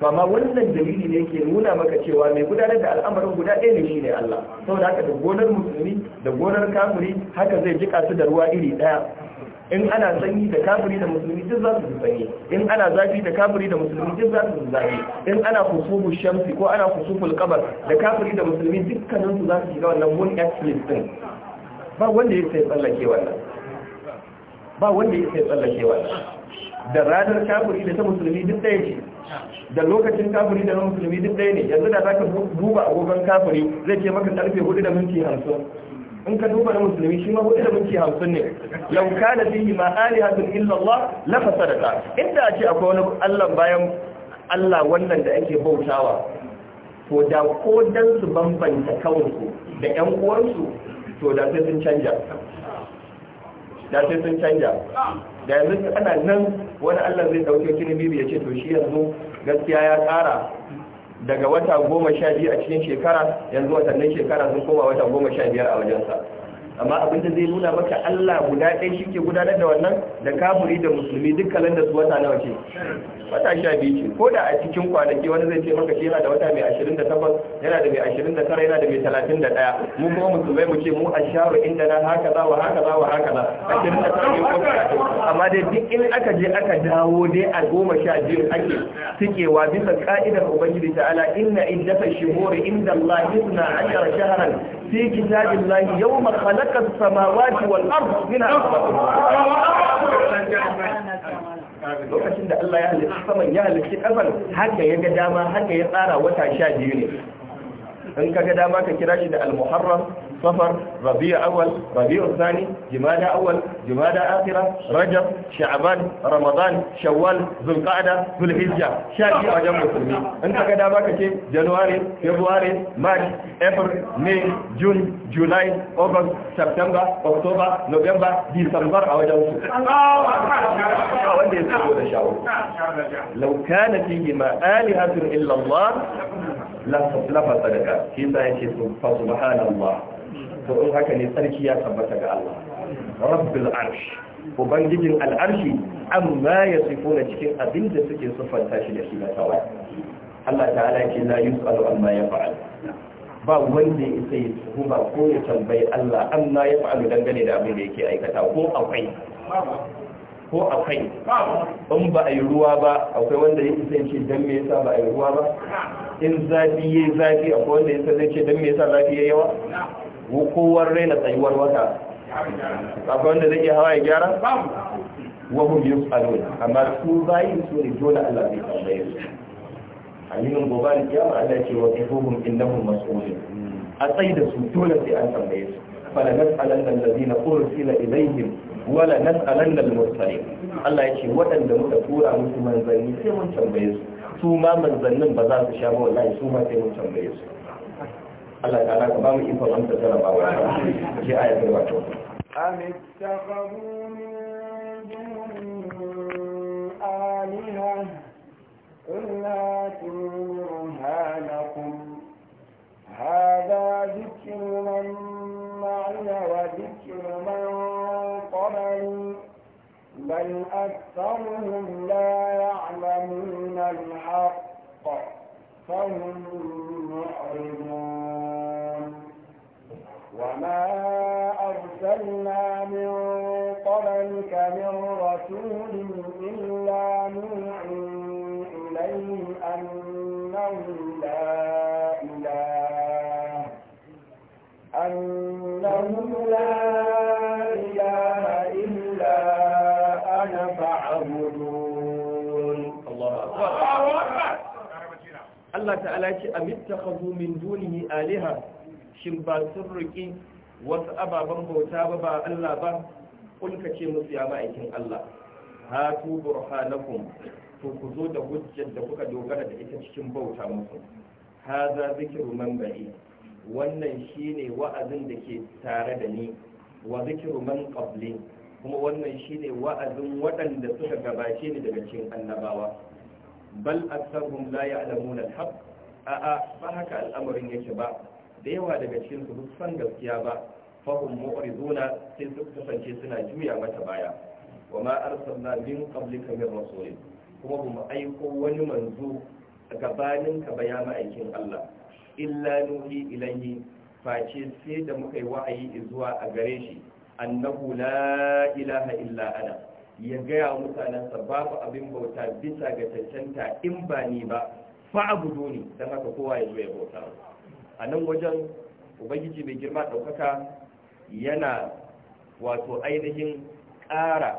to amma wannan dalili ne ke nuna maka cewa mai gudanar da al'amarin guda ɗaya ne shine Allah saboda haka da gonar musulmi da gonar kafiri haka zai jika su da ruwa iri ɗaya in ana sanyi da kafiri da musulmi duk za su sanyi in ana zafi da kafiri da musulmi duk za su zafi in ana kusufu shamsi ko ana kusuful kamar da kafiri da musulmi dukkanin su za su shiga wannan moon eclipse din ba wanda ya tsallake wannan ba wanda ya tsallake wannan da ranar kafiri da ta musulmi duk ɗaya ce da lokacin kafiri da musulmi duk ɗaya ne yanzu da zaka duba agogon kafiri zai ce maka karfe 4 da minti 50 in ka duba na musulmi shi ma hudu da minti hamsin ne lau kana fihi ma alihatun illallah la fasadata inda a ce akwai wani Allah bayan Allah wannan da ake bautawa to da ko dan su bambanta kawansu da 'yan uwansu to da sai sun canja da sai sun canja da yanzu ana nan wani Allah zai dauke kini bibi ya ce to shi yanzu gaskiya ya tsara daga wata goma sha biyu a cikin shekara yanzu watannin shekara sun koma wata goma sha biyar a wajensa amma abin da zai nuna maka Allah guda ɗaya shi ke gudanar da wannan da kafuri da musulmi duk kalanda su wata nawa ce wata sha biyu ce ko da a cikin kwanaki wani zai ce maka shi yana da wata mai ashirin da takwas yana da mai ashirin da tara yana da mai talatin da ɗaya mu kuma musulmai mu ce mu a sharu inda na haka za wa haka za wa haka za ashirin da tara ne ko talatin amma dai duk in aka je aka dawo dai a goma sha biyu ake tikewa bisa ka'idar ubangiji ta'ala inna iddata shuhuri inda Allah isna ashara shahran في كتاب الله يوم خلق السماوات والأرض من lokacin da Allah ya halitta saman ya halitta kafan haka ya ga dama haka ya tsara wata sha biyu ne in kaga dama ka kira shi da al-muharram safar rabi'u awwal rabi'u thani jumada awwal jumada akhira rajab sha'ban ramadan shawwal zulqa'da zulhijja shafi wajen musulmi in kaga dama ka ce january february march april may june july august september october november december a wajen su wanda ya tsoro da shawo lau kana fihi ma alihatun illallah. lafa sadaka shi sa yake fa subhanallah to in haka ne sarki ya tabbata ga Allah rabbil arsh ubangijin al'arshi amma ya sifuna cikin abin da suke siffanta shi da shi na tawa Allah ta'ala yake la yus'alu amma ya fa'al ba wanda ya isa ya tuhuma ko ya tambayi Allah amma ya fa'alu dangane da abin da yake aikata ko akwai ko kai in ba a yi ruwa ba akwai wanda ya isa yake dan me yasa ba a yi ruwa ba in zafi ya yi zafi akwai wanda ya isa ce dan me yasa zafi ya yawa ko kowar raina tsayuwar wata akwai wanda zai iya hawa ya gyara wa hum yus'alun amma su bayi su ne dole allah zai tambaye su a gobe da kiyama allah ce wa kifuhum innahum mas'ulun a tsayi da su dole sai an tambaye su fala nas'alanna allazina ursila ilaihim wala nan da mursalin Allah ya ce waɗanda muka tura musu manzanni sai mun tambaye su su ma manzannin ba za su sha ba wallahi su ma sai mun tambaye su Allah ya ala ka ba mu ikon amsa jarabawa ji ba. ta wato am ittakhadhu min dunihi alihan qul la turhanakum هذا ذكر من معي وذكر بل أكثرهم لا يعلمون الحق فهم معرضون وما أرسلنا من قبلك من رسول إلا نوحي إليه أنه لا إله أنه لا إله تعبدون الله أكبر Allah ta'ala ce a mittakhadhu min dunihi aliha shin ba sun riki wasu ababen bauta ba ba Allah ba kulka ce musu ya ma'aikin Allah hatu burhanakum to ku zo da hujjar da kuka dogara da ita cikin bauta musu haza zikiru man ba'i wannan shine wa'azin da ke tare da ni wa zikiru man qabli kuma wannan shine wa'azin waɗanda suka gabace ni daga cikin annabawa bal aktsaruhum la ya'lamuna al-haq a'a ba haka al'amarin yake ba da yawa daga cikin su san gaskiya ba fahum mu'riduna sai su kasance suna juya mata baya wa ma arsalna min qablika min rasulin kuma bamu aiko wani manzo gabanin ka ba ya ma'aikin Allah illa nuhi ilayhi face sai da muka yi wa'ayi zuwa a gare shi annahu la ilaha illa ana ya gaya mutanensa babu abin bauta bisa ga cancanta in ba ni ba fa'abudu ni don haka kowa ya zo ya bauta a nan wajen ubangiji mai girma ɗaukaka yana wato ainihin ƙara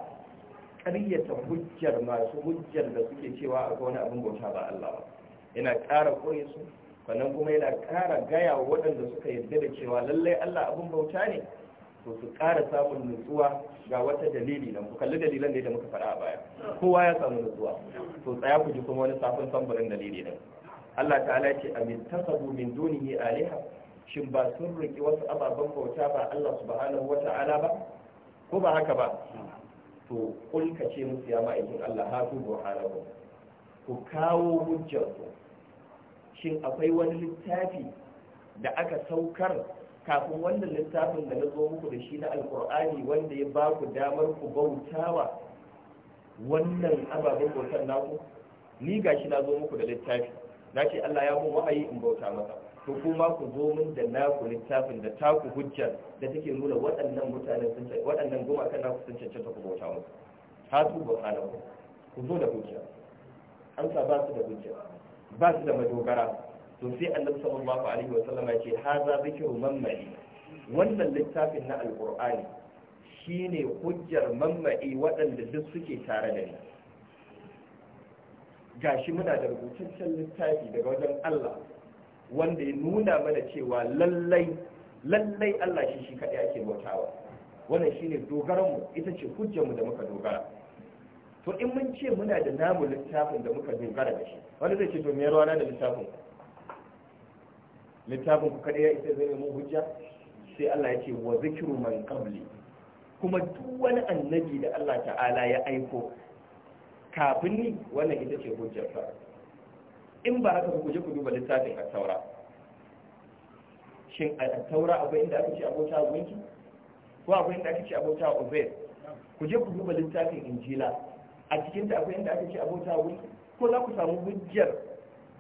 ƙaryata hujjar masu hujjar da suke cewa a wani abin bauta ba Allah ba yana ƙara kore su sannan kuma yana ƙara gaya wa waɗanda suka yarda da cewa lallai Allah abin bauta ne to su ƙara samun nutsuwa ga wata dalili nan ku kalli dalilan da muka faɗa a baya kowa ya samu nutsuwa to tsaya ku ji kuma wani safin tambarin dalili nan Allah ta'ala ce amin tasabu min dunihi aliha shin ba sun riki wasu ababen bauta ba Allah subhanahu Ta'ala ba ko ba haka ba to ka ce musu ya ma'aikin Allah hafu burhanahu ku kawo hujjarku shin akwai wani littafi da aka saukar kafin wannan littafin da na zo muku da shi na alkur'ani wanda ya ba ku damar ku bautawa wannan ababen bautar naku ni ga shi na zo muku da littafi na ce Allah ya mun wa'ayi in bauta masa to kuma ku zo min da naku littafin da taku hujjar da take nuna waɗannan mutanen sun waɗannan gumakan naku sun cancanta ku bauta su ba burhanaku ku zo da hujja an sa ba su da hujja ba su da madogara to sai annabi sallallahu alaihi wa sallama ya ce haza zikru mammali wannan littafin na alqur'ani shine hujjar mammai waɗanda duk suke tare da ni gashi muna da rubutaccen littafi daga wajen Allah wanda ya nuna mana cewa lallai lallai Allah shi shi kaɗai ake bautawa wannan shine dogaranmu ita ce hujjarmu da muka dogara to in mun ce muna da namu littafin da muka dogara da shi Wani zai ce to me ruwana da littafin littafin ku kaɗai ya isa zai nemo hujja sai Allah ya ce wa zikiru man qabli kuma duk wani annabi da Allah ta'ala ya aiko kafin ni wannan ita ce hujjar sa in ba haka ku je ku duba littafin at-taura shin at-taura akwai inda aka ce abota gunki ko akwai inda aka ce abota ubayd ku je ku duba littafin injila a cikin ta akwai inda aka ce abota gunki ko za ku samu hujjar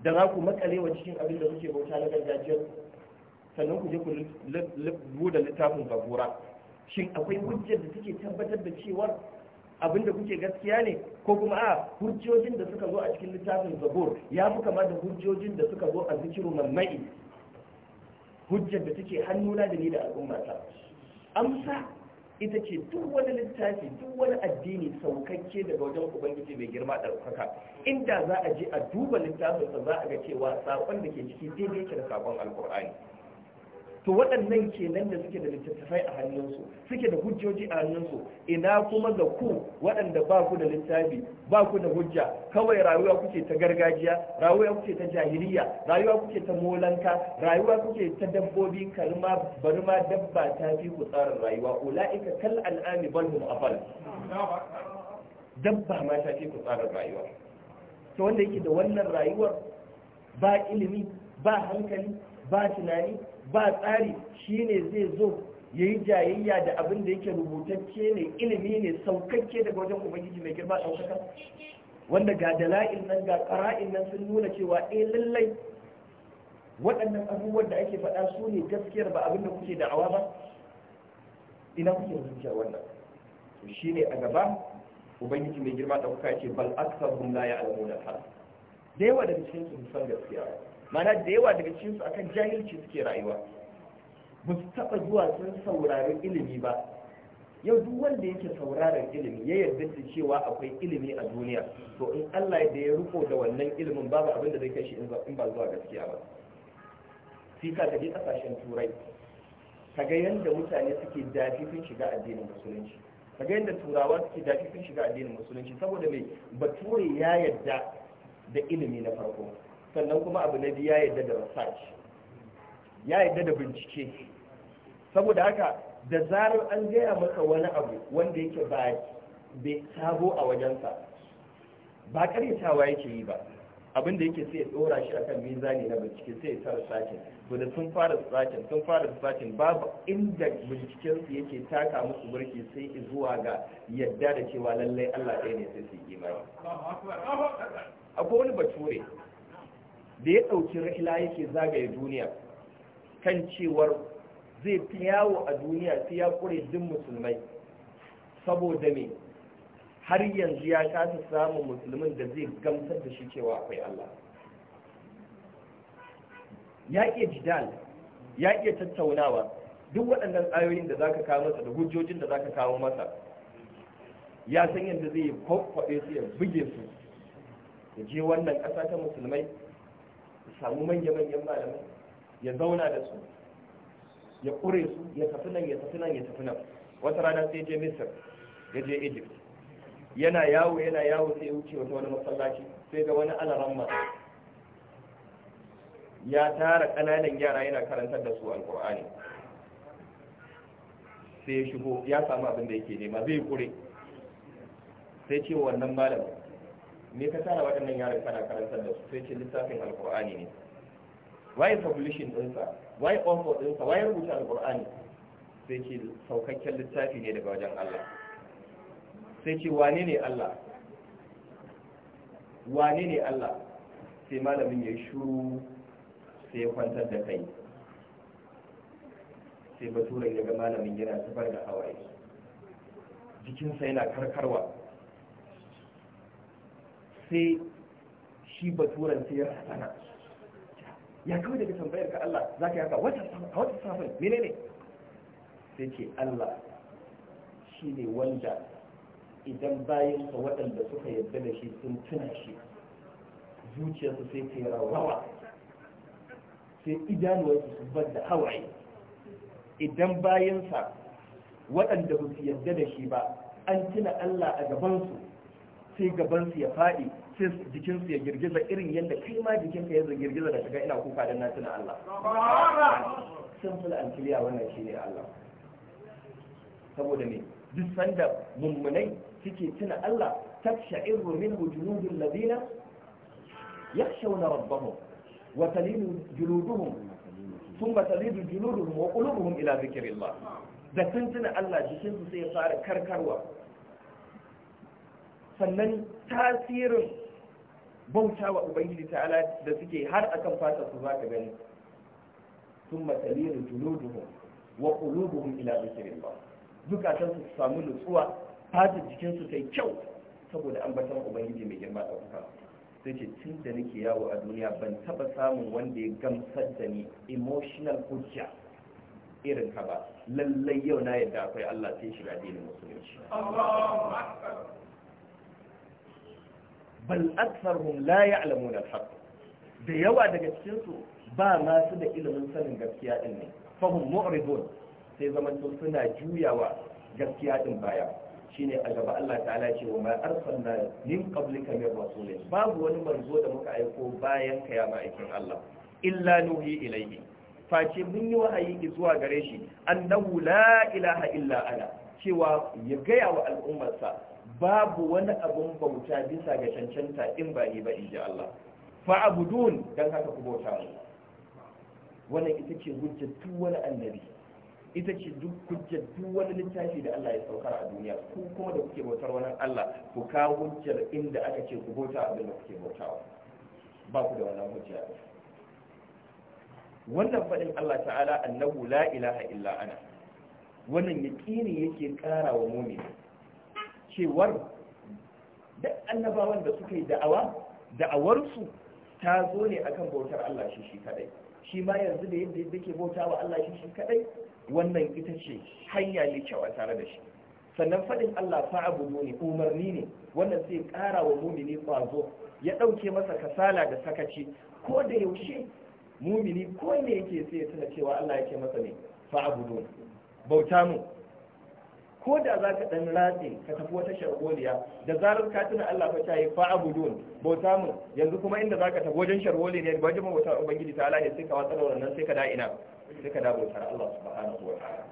da za ku makale wa cikin abin da kuke bauta na gargajiyar sannan ku je ku buɗe littafin zabura shin akwai hujjar da take tabbatar da cewar abin da kuke gaskiya ne ko kuma a hujjojin da suka zo a cikin littafin zabur ya fi kama da hujjojin da suka zo a zikiru mamma'i hujjar da take hannuna da ni da al'ummata amsa ita ce duk wani littafi duk wani addini saukakke daga wajen ubangiji mai girma ɗaukaka inda za a je a duba littafinsa za a ga cewa saƙon da ke ciki daidai ke da sakon alƙur'ani to waɗannan kenan da suke da littattafai a hannunsu suke da hujjoji a hannunsu ina kuma ga ku waɗanda ba ku da littafi ba ku da hujja kawai rayuwa kuke ta gargajiya rayuwa kuke ta jahiliya rayuwa kuke ta molanka rayuwa kuke ta dabbobi kalma bari ma dabba ta fi ku tsarin rayuwa ula'ika kal al'ami bal hum afal dabba ma ta fi ku tsarin rayuwa to wanda yake da wannan rayuwar ba ilimi ba hankali ba tunani ba tsari shine zai zo ya yi jayayya da abin da yake rubutacce ne ilimi ne saukakke daga wajen ubangiji mai girma ɗaukaka wanda ga dala'in nan ga ƙara'in nan sun nuna cewa eh lallai waɗannan abubuwan da ake faɗa su ne gaskiyar ba abin da kuke da'awa ba ina kuke zuciya wannan to ne a gaba ubangiji mai girma ɗaukaka ya ce bal aksarum la ya'lamuna al da yawa daga cikin su san gaskiya mana da yawa daga cikin su akan jahilci suke rayuwa ba su taba zuwa sun saurari ilimi ba yau duk wanda yake sauraron ilimi ya yarda da cewa akwai ilimi a duniya to in Allah da ya riko da wannan ilimin babu abin da zai kai shi in ba zuwa gaskiya ba sai ka tafi kasashen turai ka ga yadda mutane suke dafi sun shiga addinin musulunci Ka ga yadda turawa suke dafi sun shiga addinin musulunci saboda mai bature ya yarda da ilimi na farko sannan kuma abu na biyu ya yadda da research ya yadda da bincike saboda haka da zarar an gaya maka wani abu wanda yake ba bai sabo a wajensa ba karyatawa yake yi ba abinda yake sai ya tsora shi akan mizani na bincike sai ya tara sakin to sun fara sakin sun fara sakin babu inda binciken su yake taka musu burki sai zuwa ga yadda da cewa lallai Allah ɗaya ne sai su yi imani akwai wani bature da ya ɗauki rahila yake zagaye duniya kan cewar zai fi yawo a duniya sai ya kure duk musulmai saboda me har yanzu ya kasa samun musulmin da zai gamsar da shi cewa akwai Allah ya ke jidal ya ke tattaunawa duk waɗannan ayoyin da zaka kawo masa da hujjojin da zaka kawo masa ya san yadda zai kwakwabe su ya buge su ya je wannan ƙasa ta musulmai samu manya-manyan malamai ya zauna da su ya kure su ya tafi nan ya tafi nan ya tafi nan wata rana sai je misir ya je egypt yana yawo yana yawo sai wuce wata wani masallaci sai ga wani alaramma ya tara ƙananan yara yana karantar da su alkur'ani sai ya shigo ya samu abin da yake nema zai kure sai ce wannan malamin me ka tara waɗannan yaran kana karantar da su sai ce littafin alkur'ani ne waye publishing ɗinsa waye offer ɗinsa waye rubuta alkur'ani sai ce saukakken littafi ne daga wajen Allah sai ce wane ne Allah wane ne Allah sai malamin ya shuru sai ya kwantar da kai sai baturan daga malamin yana zubar da hawaye jikinsa yana karkarwa sai shi baturan sai ya sana ya kawai daga tambayar ka Allah za ka yaka a wata safin mene ne sai ce Allah shi ne wanda idan bayansa waɗanda suka yarda da shi sun tuna shi zuciyarsu sai ta yi rawa sai idanuwarsu su bar da hawaye idan bayansa waɗanda ba su yarda da shi ba an tuna Allah a gabansu sai gabansu ya faɗi sai jikinsu ya girgiza irin yadda kai ma jikinka ya girgiza da shiga ina kuka don na tuna Allah simple and clear wannan shi shine Allah saboda me duk sanda mummunai suke tuna Allah taksha'iru minhu juludul ladina yakhshawna rabbahum wa talinu juluduhum thumma talinu juluduhum wa qulubuhum ila ba, da sun tuna Allah jikinsu sai ya fara karkarwa sannan tasirin bauta wa ubangiji ta'ala da suke har akan fata su za ka gani sun da juluduhum wa qulubuhum ila dhikrillah zukatan su samu nutsuwa fata jikinsu su kyau saboda an ambaton ubangiji mai girma ɗaukaka sai ce tun da nake yawo a duniya ban taba samun wanda ya gamsar da ni emotional hujja irin ka ba lallai yau na yadda akwai Allah sai shiga dinin musulunci bal aktharuhum la ya'lamuna al-haqq da yawa daga cikin su ba ma su da ilimin sanin gaskiya din ne fahum mu'ridun sai zaman to suna juyawa gaskiya din baya shine a gaba Allah ta'ala ce wa ma arsalna min qablika min rasulin babu wani manzo da muka aiko bayan ka ya ma'aikin Allah illa nuhi ilayhi face mun yi wahayi zuwa gare shi annahu la ilaha illa ana cewa ya gaya wa al'ummarsa babu wani abun bauta bisa ga cancanta in ba ni ba in ji Allah fa'abudun dan haka ku bauta mu wannan ita ce hujjar duk wani annabi ita ce duk hujjar duk wani littafi da Allah ya saukar a duniya ku kuma da kuke bautar wani Allah ku kawo hujjar inda aka ce ku bauta abin da kuke bautawa ba ku da wannan hujja wannan faɗin Allah ta'ala annahu la ilaha illa ana wannan yaqini yake ƙara wa mu'mini cewar duk annabawan da suka yi da'awa da'awarsu ta zo ne akan bautar Allah shi shi kadai shi ma yanzu da yadda yake bauta wa Allah shi shi kadai wannan ita ce hanya ne kyau a tare da shi sannan fadin Allah fa'abudu ne umarni ne wannan sai ƙara wa mumini kwazo ya ɗauke masa kasala da sakaci ko da yaushe mumini ko ne yake sai ya tuna cewa Allah yake masa ne fa'abudu bauta mu ko da za ka ɗan ratse ka tafi wata sharholiya da zarar ka tuna Allah fa tayi fa abudun bauta mu yanzu kuma inda za ka tafi wajen sharholi ne wajen bauta ubangiji ta Allah sai ka watsa wannan sai ka da ina sai ka da bautar Allah subhanahu wa ta'ala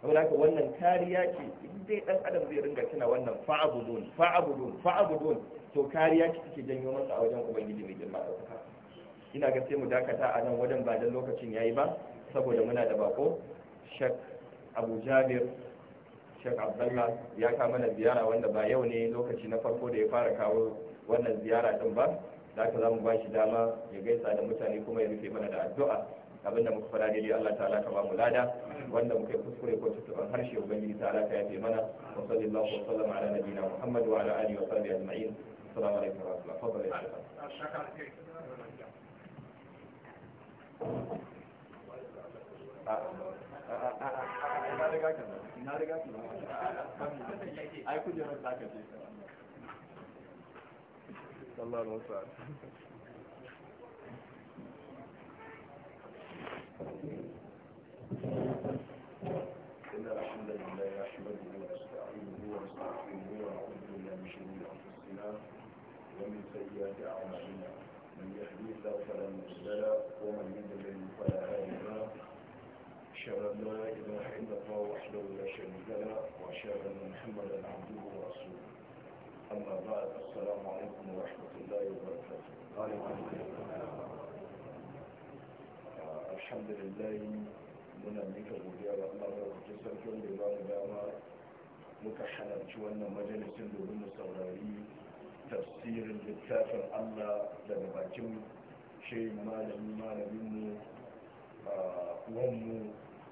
saboda haka wannan kariya ce in dai dan adam zai ringa tuna wannan fa abudun fa abudun fa abudun to kariya ce take janyo masa a wajen ubangiji mai girma ɗaukaka ina ga sai mu dakata a nan wajen ba dan lokacin yayi ba saboda muna da bako shak abu jabir Sheikh Abdullah ya ka mana ziyara wanda ba yau ne lokaci na farko da ya fara kawo wannan ziyara din ba da ka za mu ba shi dama ya gaisa da mutane kuma ya rufe mana da addu'a abinda muka fara daidai Allah ta'ala ka ba mu lada wanda muka kuskure ko tutuban harshe ubangiji ta'ala ka yafe mana wa sallallahu wa sallam ala nabiyina muhammad wa ala alihi wa sahbihi ajma'in assalamu alaikum wa rahmatullahi wa barakatuh na riga إن الحمد لله نحمده ونستعينه ونستغفره ونعوذ بالله من شرور أنفسنا ومن سيئات أعمالنا من يهدي الله فلا مضل له ومن يضلل فلا هادي له أشهد أن لا إله إلا الله وحده لا شريك له وأشهد أن محمدا عبده ورسوله أما بعد السلام عليكم ورحمة الله وبركاته الحمد لله من أمريكا وديا الله وكسر كل الله دعما مكحنا جوانا مجلس دون سوراري تفسير الكتاب الله لنبجم شيء مالا مالا منه آه، ومو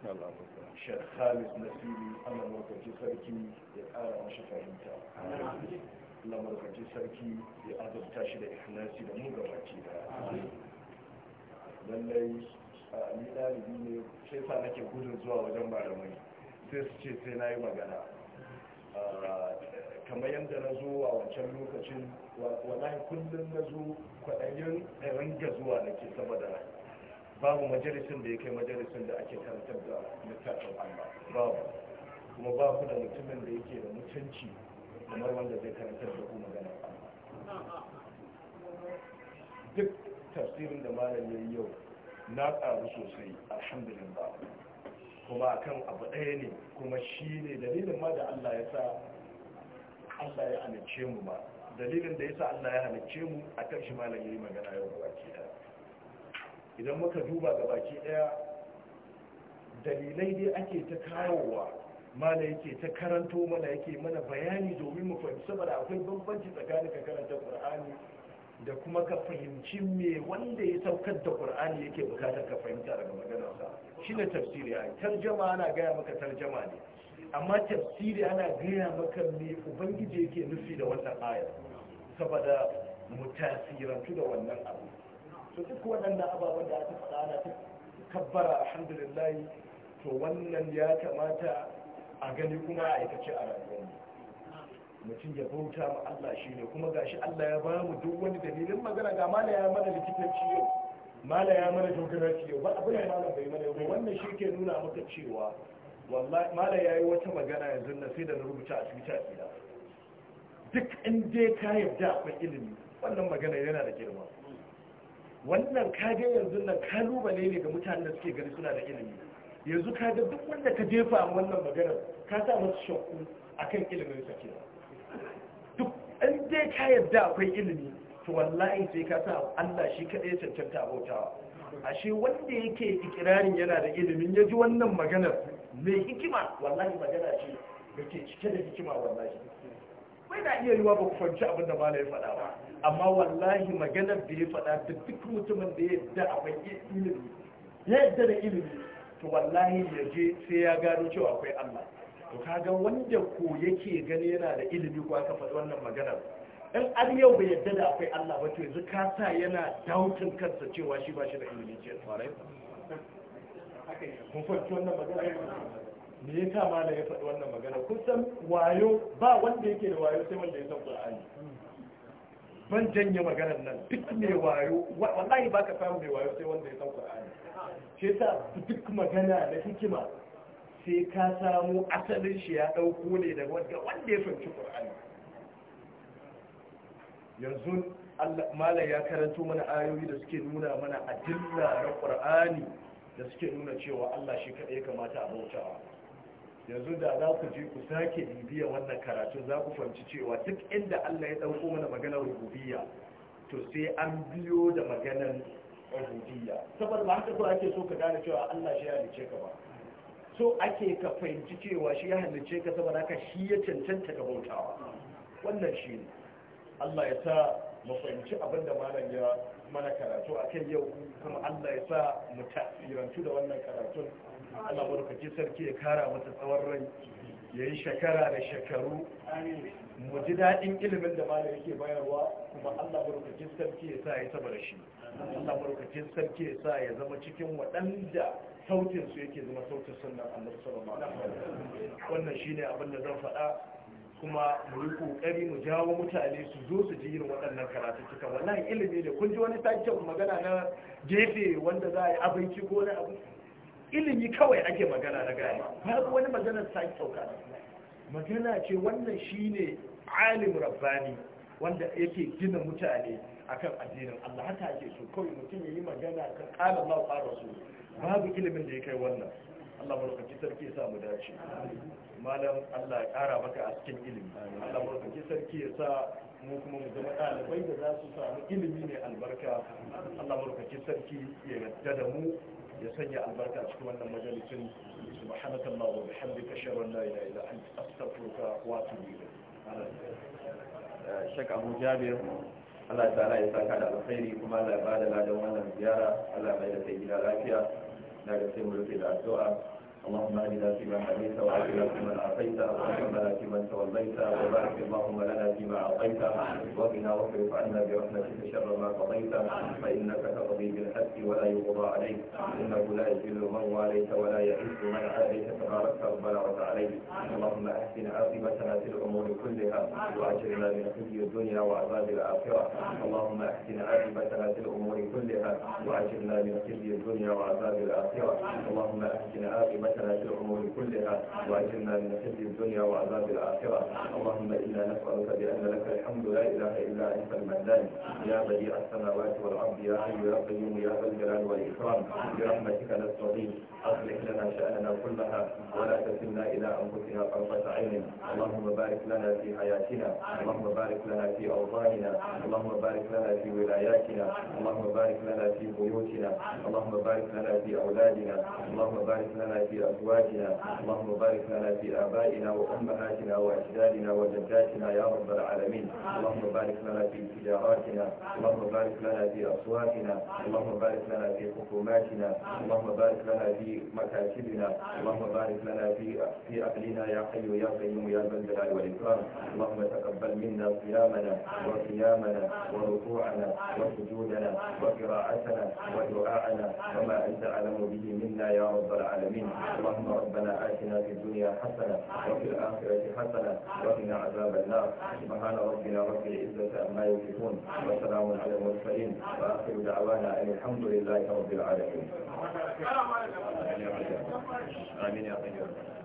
shek khamis nasiri allah markaci sarki ya kara mashi fahimta allah markaci sarki ya azabta shi da ikhlasi da mu gabaci da lallai a ni dalibi ne sai sa nake gudun zuwa wajen malamai sai su ce sai na yi magana kamar yadda na zo a wancan lokacin wallahi kullum na zo kwaɗayin ringa zuwa nake da rai babu majalisun da ya kai majalisun da ake karantar da littafin Allah babu kuma ba ku da mutumin da yake da mutunci kamar wanda zai karantar da ku magana duk tafsirin da malam ya yi yau na ƙaru sosai alhamdulillah kuma akan abu ɗaya ne kuma shi ne dalilin ma da Allah ya sa Allah ya halicce mu ma dalilin da ya sa Allah ya halicce mu akan shi malam ya yi magana yau ba ke idan muka duba ga baki daya dalilai dai ake ta kawowa mala yake ta karanto mana yake mana bayani domin mu fahimci saboda akwai bambanci tsakanin ka karanta qur'ani da kuma ka fahimci me wanda ya saukar da qur'ani yake bukatar ka fahimta daga maganarsa shine tafsiri ai tarjama ana gaya maka tarjama ne amma tafsiri ana gaya maka me ubangiji yake nufi da wannan ayar saboda mu tasirantu da wannan abu to duk waɗannan ababen da aka faɗa ana ta kabbara alhamdulillah to wannan ya kamata a gani kuma a aikace a rayuwar mutum ya bauta ma Allah shi ne kuma gashi Allah ya ba mu duk wani dalilin magana ga mala ya mana likitanci yau mala ya mana dogarati yau ba abin da mala bai mana yau wannan shi ke nuna maka cewa wallahi mala ya yi wata magana yanzu na sai da na rubuta a twitter ɗina duk in ka yarda akwai ilimi wannan magana yana da girma wannan kaje yanzu nan kalubale ne ga mutanen da suke gari suna da ilimi yanzu kaje duk wanda ka jefa a wannan maganar ka sa masu shakku akan ilimin sa duk an dai ka yadda akwai ilimi to wallahi sai ka sa Allah shi kaɗai cancanta a ashe wanda yake ikirarin yana da ilimin ya ji wannan maganar mai hikima wallahi magana ce da ke cike da hikima wallahi bai da iya yiwa ba ku fahimci abin da ya faɗa ba amma wallahi maganar da ya faɗa da duk mutumin da ya yadda akwai ilimi ya yadda da ilimi to wallahi ya je sai ya gano cewa akwai Allah to kaga wanda ko yake gani yana da ilimi ko aka faɗi wannan maganar in an yau bai yadda da akwai Allah ba to yanzu ka sa yana dautin kansa cewa shi ba shi da ilimi ce kwarai kun fahimci wannan magana me ya kama da ya faɗi wannan magana kun san wayo ba wanda yake da wayo sai wanda ya san Qur'ani ban janye maganar nan duk mai wayo wallahi ba ka samu mai wayo sai wanda ya san qur'ani shi sa duk magana da hikima sai ka samu asalin shi ya dauko ne daga wanda wanda ya fahimci qur'ani yanzu malam ya karanto mana ayoyi da suke nuna mana adilla na qur'ani da suke nuna cewa Allah shi kadai ya kamata a bautawa yanzu da za ku je ku sake bibiya wannan karatu za ku fahimci cewa duk inda Allah ya dauko mana maganar rububiyya to sai an biyo da maganar rububiyya saboda ba haka ko ake so ka gane cewa Allah shi ya halice ka ba so ake ka fahimci cewa shi ya halice ka saboda haka shi ya cancanta ga bautawa wannan shi ne Allah ya sa mu fahimci abin da malam ya mana karatu a kai yau kuma Allah ya sa mu tasirantu da wannan karatun Allah barkaci sarki ya kara mata tsawon rai ya yi shekara da shekaru mu ji daɗin ilimin da malam yake bayarwa kuma Allah barkaci sarki ya sa ya saba da shi Allah barkaci sarki ya sa ya zama cikin waɗanda sautin su yake zama sautin sunan Allah sallallahu alaihi wasallam wannan shine abin da zan faɗa kuma mu yi kokari mu jawo mutane su zo su ji irin waɗannan karatu cikin wannan ilimi ne kun ji wani sakin magana na gefe wanda za a yi abinci ko wani abu ilimi kawai ake magana na gaya babu wani ta sake sauka magana ce wannan shine alim rabbani wanda yake gina mutane akan addinin Allah haka ake so kawai mutum ya yi magana kan qala Allahu babu ilimin da ya kai wannan Allah mulkin sarki ya sa mu dace malam Allah ya kara maka a cikin ilimi Allah mulkin sarki ya sa mu kuma mu zama ɗalibai da za su samu ilimi ne albarka Allah mulkin sarki ya yarda da mu ya sanya albarka a cikin wannan majalisin subhanaka Allah wa bihamdika ashhadu an la ilaha illa anta astaghfiruka wa atubu ilayk Sheikh Abu Jabir Allah ta'ala ya saka da alkhairi kuma Allah ya bada ladan wannan ziyara Allah ya mai da kai gida lafiya daga sai mu rufe da addu'a اللهم اهدنا فيما حديث وعافنا فيمن عافيت وتولنا فيمن توليت وبارك اللهم لنا فيما اعطيت وبنا واصرف عنا برحمتك شر ما قضيت فانك تقضي بالحق ولا يقضى عليك انه لا يجل من واليت ولا يحس من عليك تبارك ربنا وتعالى اللهم احسن عاقبتنا في الامور كلها واجرنا من خزي الدنيا وعذاب الاخره اللهم احسن عاقبتنا في الامور كلها واجرنا من خزي الدنيا وعذاب الاخره اللهم احسن عاقبتنا وإسلامنا في الأمور كلها وأجلنا من خزي الدنيا وعذاب الآخرة اللهم إنا نسألك بأن لك الحمد لا إله إلا أنت المنان يا بديع السماوات والأرض يا حي يا قيوم يا ذا الجلال والإكرام برحمتك نستغيث أصلح لنا شأننا كلها ولا تكلنا إلى أنفسنا طرفة عين اللهم بارك لنا في حياتنا اللهم بارك لنا في أوطاننا اللهم بارك لنا في ولاياتنا اللهم بارك لنا في بيوتنا اللهم بارك لنا في أولادنا اللهم بارك لنا في أزواجنا اللهم بارك لنا في آبائنا وأمهاتنا وأجدادنا وجداتنا يا رب العالمين اللهم بارك لنا في تجاراتنا اللهم بارك لنا في أصواتنا اللهم بارك لنا في حكوماتنا اللهم بارك لنا في مكاتبنا اللهم بارك لنا في في أهلنا يا حي يا قيوم يا ذا الجلال والإكرام اللهم تقبل منا صيامنا وقيامنا وركوعنا وسجودنا وقراءتنا ودعاءنا وما أنت أعلم به منا يا رب العالمين اللهم ربنا آتنا في الدنيا حسنة وفي الآخرة حسنة وقنا عذاب النار سبحان ربنا رب العزة عما يصفون وسلام على المرسلين وآخر دعوانا أن الحمد لله رب العالمين آمين يا طيب